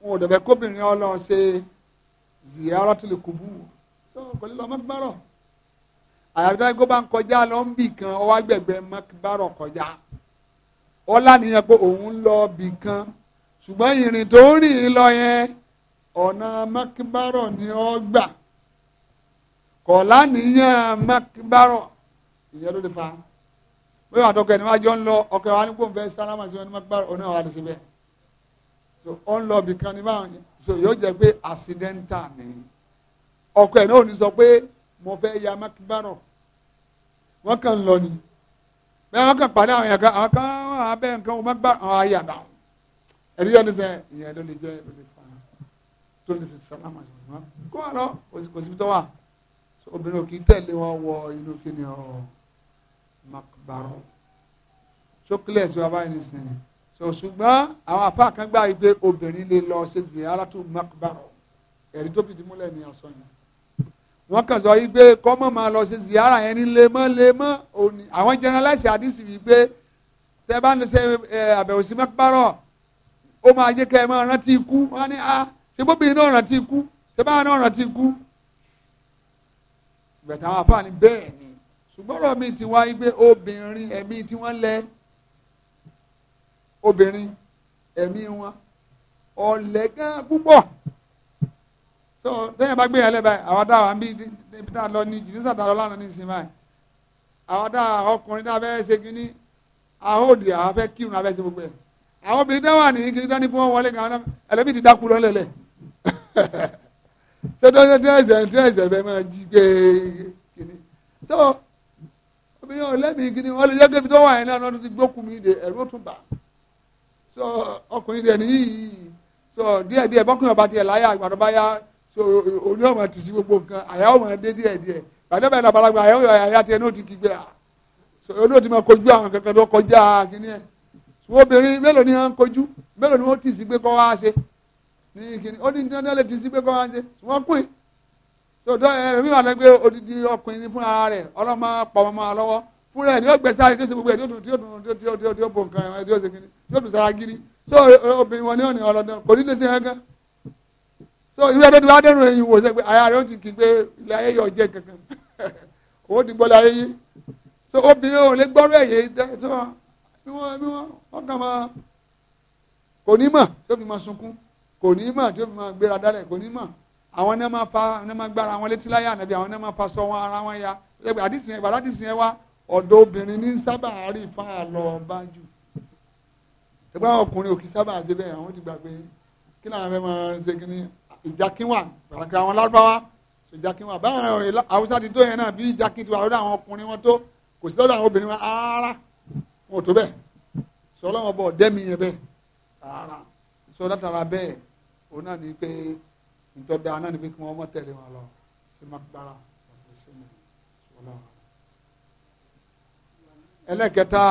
wọn ò dẹ̀bẹ̀ kóbìnrin ọlọ́ ṣe ziyara tó lè kúbú tó kò lè lọ mọ́kìbárọ̀ àyàfi tó bá ń kọjá lọ ń bì kan ọwọ́ agbègbè mọ́kìbárọ̀ kọjá ọlá nìyẹn pé òun lọ bì kan ṣùgbọ́n ìrìn tó ń rìn lọ yẹn ọ̀nà mọ́kìbárọ̀ ni ó gbà kọ̀ọ̀lá nìyẹn mọ́kìbárọ̀ ìyẹn ló dé fa pé àtọkọ ẹni wájọ ń lọ ọkọ wa ní kò ń fẹ́ sálámà sí wọn ní máa ọ̀nà wa ní síbẹ̀ so ó ń lọ bìkan ní báwọn ni so yóò jẹ́ pé accidental ni ọkọ ẹ̀ náà ò ní sọ pé mo fẹ́ ya mákìbárọ̀ wọ́n kàn ń lọ ni bẹ́ẹ̀ wọ́n kàn pàdé àwọn yàgá àwọn kan wọ́n abẹ́ nǹkan wọ́n mákìbárọ̀ àwọn ayàgá ẹ̀rí yẹn ní sẹ́ ìyẹn ló lè jẹ́ ló lè fa tó lè fi sálámà sí wọn kó wà makbaro sókèlè sí wa báyìí nìsín so ṣùgbọ́n àwọn apá kan gbà wípé obìnrin lè lọ ṣe ziyaratu makbaro ẹ̀rí tó fìdí múlẹ̀ ní ọ̀sán yẹn wọ́n kàn sọ wípé kọ́mọ́ máa lọ ṣe ziyara yẹn ní lemọ́lemọ́ òní àwọn jẹnẹrẹ́láìsì àdìsí wípé tẹ bá ń ṣe àbẹ̀wò sí makbaro ó máa jẹ́ kẹ́ ẹ máa rántí ikú wọ́n ní a ah, ṣe bóbìnrin náà rántí ikú ṣe báwọn náà rántí ikú bẹ̀tà àwọn apá ni bẹ́ẹ̀ ni ṣùgbọ́n ọ̀rọ̀ mi ti wáyé pé obìnrin ẹ̀mí tí wọ́n lẹ obìnrin ẹ̀mí wọn ọ̀lẹ́ gan púpọ̀ tó tẹ́yìn bá gbé yẹn lẹ́bàá àwọn dáhà ń bí ibi tá a lọ ní jìnnìṣà tá a lọ lánàá ní ìsinmi báyìí àwọn dáhà ọkùnrin tá a fẹ́ ṣe kínní àwọn òdì àwọn fẹ́ kírun àfẹ́ ṣe gbogbo ẹ̀ àwọn obìnrin tẹ́ wà ní kiri tẹ́ ní kí wọ́n wọlé gan ẹlẹ́bí ti dákú lọ́lẹ̀lẹ̀ <laughs> ṣé tó ṣe tí ẹ̀sẹ̀ tí ẹ̀sẹ̀ fẹ́ máa jí gbé kínní so obìnrin ọ̀lẹ́mìí gidi wọ́n lè jẹ́ kébi tó wà yẹn náà lọ́dún ti gbókùn mi dé ẹ̀rú tún bà so ọkùnrin dẹ̀ ní yìí so díẹ̀ díẹ̀ bọ́kùnrin ọba tiẹ̀ láyà àgbàdo bá yá so òní ọmọ ti sí gbogbo nǹkan àyà ọmọ dé díẹ̀ díẹ̀ gbàdé bẹ́ẹ̀ nàbàlagbà àyà ọyọ àyà tiẹ̀ ní ó ti kígbe a so òní ó ti máa kojú àwọn kankan tó kọjá kíní ẹ̀ wọ́n obìnrin mélòó ni wọ́n kojú mélòó ni wọ́n ti sí gbé kọ́ wá ṣe ní kíní ó ní ní sọdọ ẹrẹ mi wà lọ pé odidi ọkùnrin ni fún ara rẹ̀ ọlọmọ pọmọmọ lọ́wọ́ fúnra ẹ ní ó gbèsè àrè tí ó ṣe gbogbo ẹ tí ó dùn tí ó dùn tí ó dùn tí ó bò nǹkan ẹ tí ó ṣe kiri tí ó dùn sára giri so obìnrin wọn ní ọ̀nà ọlọ́dún kò ní lè ṣe kankan so ìwé ẹ̀dọ́ ti wá dẹ́rù ẹ̀yìn wò sẹ́ pé aya rẹ̀ ó ti kí pé ilé ayé yọ̀ jẹ́ kankan owó ti gbọ́ láyé yé so obìnrin ò lè gbọ́rọ̀ ẹ̀yẹ tó bí wọ́n bí wọ́n wọ́n kàn máa kò ní mọ̀ tí ó fi máa sunkún kò ní mọ̀ tí ó fi máa gbéra dálẹ̀ kò ní mọ̀ àwọn náà máa fa náà máa gbára àwọn létí láyà ànábì àwọn náà máa fa sọ wọn ara wọn ya àdìsí yẹn ìbàdàn àdìsí yẹn wá ọ̀dọ̀ obìnrin ní sábà rí fún àlọ́ bá jù ẹgbẹ́ àwọn ọkùnrin òkè sábà ṣe bẹ́ẹ̀ àwọn ti gbà pé kí làwọn fẹ́ máa ṣe kí ni ìjákínwà gbàgbà àwọn lárúbáwá ìjákínwà báwọn haúsá ti tó yẹn náà bí ìjákín ti wà lọ́dọ̀ àwọn ọkùnrin wọn tó kò sí lọ́dọ̀ àwọn obìnrin wọn rárá wọn ò tó bẹ́ẹ̀ sọ bọ̀ dẹ́mi yẹn bẹ́ẹ̀ rárá sọ ntọ́da náà ni pé kí wọ́n mọ̀ tẹ̀lé wọn lọ sí makbara ọ̀dọ̀ sí mi sọlá wa. ẹlẹ́kẹta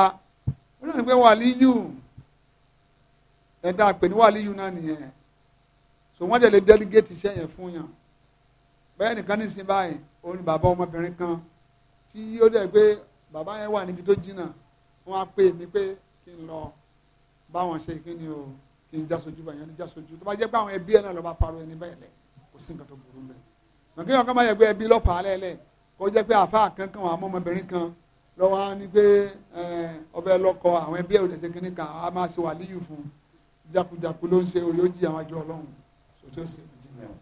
wọ́n náà ni pé wàlíyù ẹ̀dá pè ní wàlíyù náà nìyẹn so wọ́n dẹ̀ lè dẹ́lígéètì iṣẹ́ yẹn fún yàn bẹ́ẹ̀ nìkan ní sin báyìí òun ni bàbá ọmọbìnrin kan tí ó dẹ̀ pé bàbá yẹn wà níbi tó jìnnà wọ́n á pè mí pé kí n lọ báwọn ṣe kí ni o ẹni jásojú báyìí ẹni jásojú tó bá jẹ́ pé àwọn ẹbí ẹ̀ náà lọ́ba parọ́ ẹni báyìí lẹ̀ kò sí nǹkan tó burú mẹ́. màkì yàn kàn máa yẹ pé ẹbí lọ́pàá alẹ́ lẹ̀ kó jẹ́ pé àfa kankan àwọn ọmọbìnrin kan lọ́wọ́ á ní pé ọbẹ̀ lọ́kọ àwọn ẹbí ẹ̀ ò lè ṣe kíní kan á máa ṣe wà líyù fún jákujáku ló ń ṣe orí ó jí àwọn àjọ ọlọ́run sòtí ó sì jí mẹ́wàá.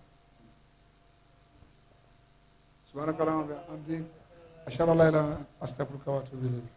سبحانك اللهم وبحمدك أشهد أن لا إله إلا أنت أستغفرك وأتوب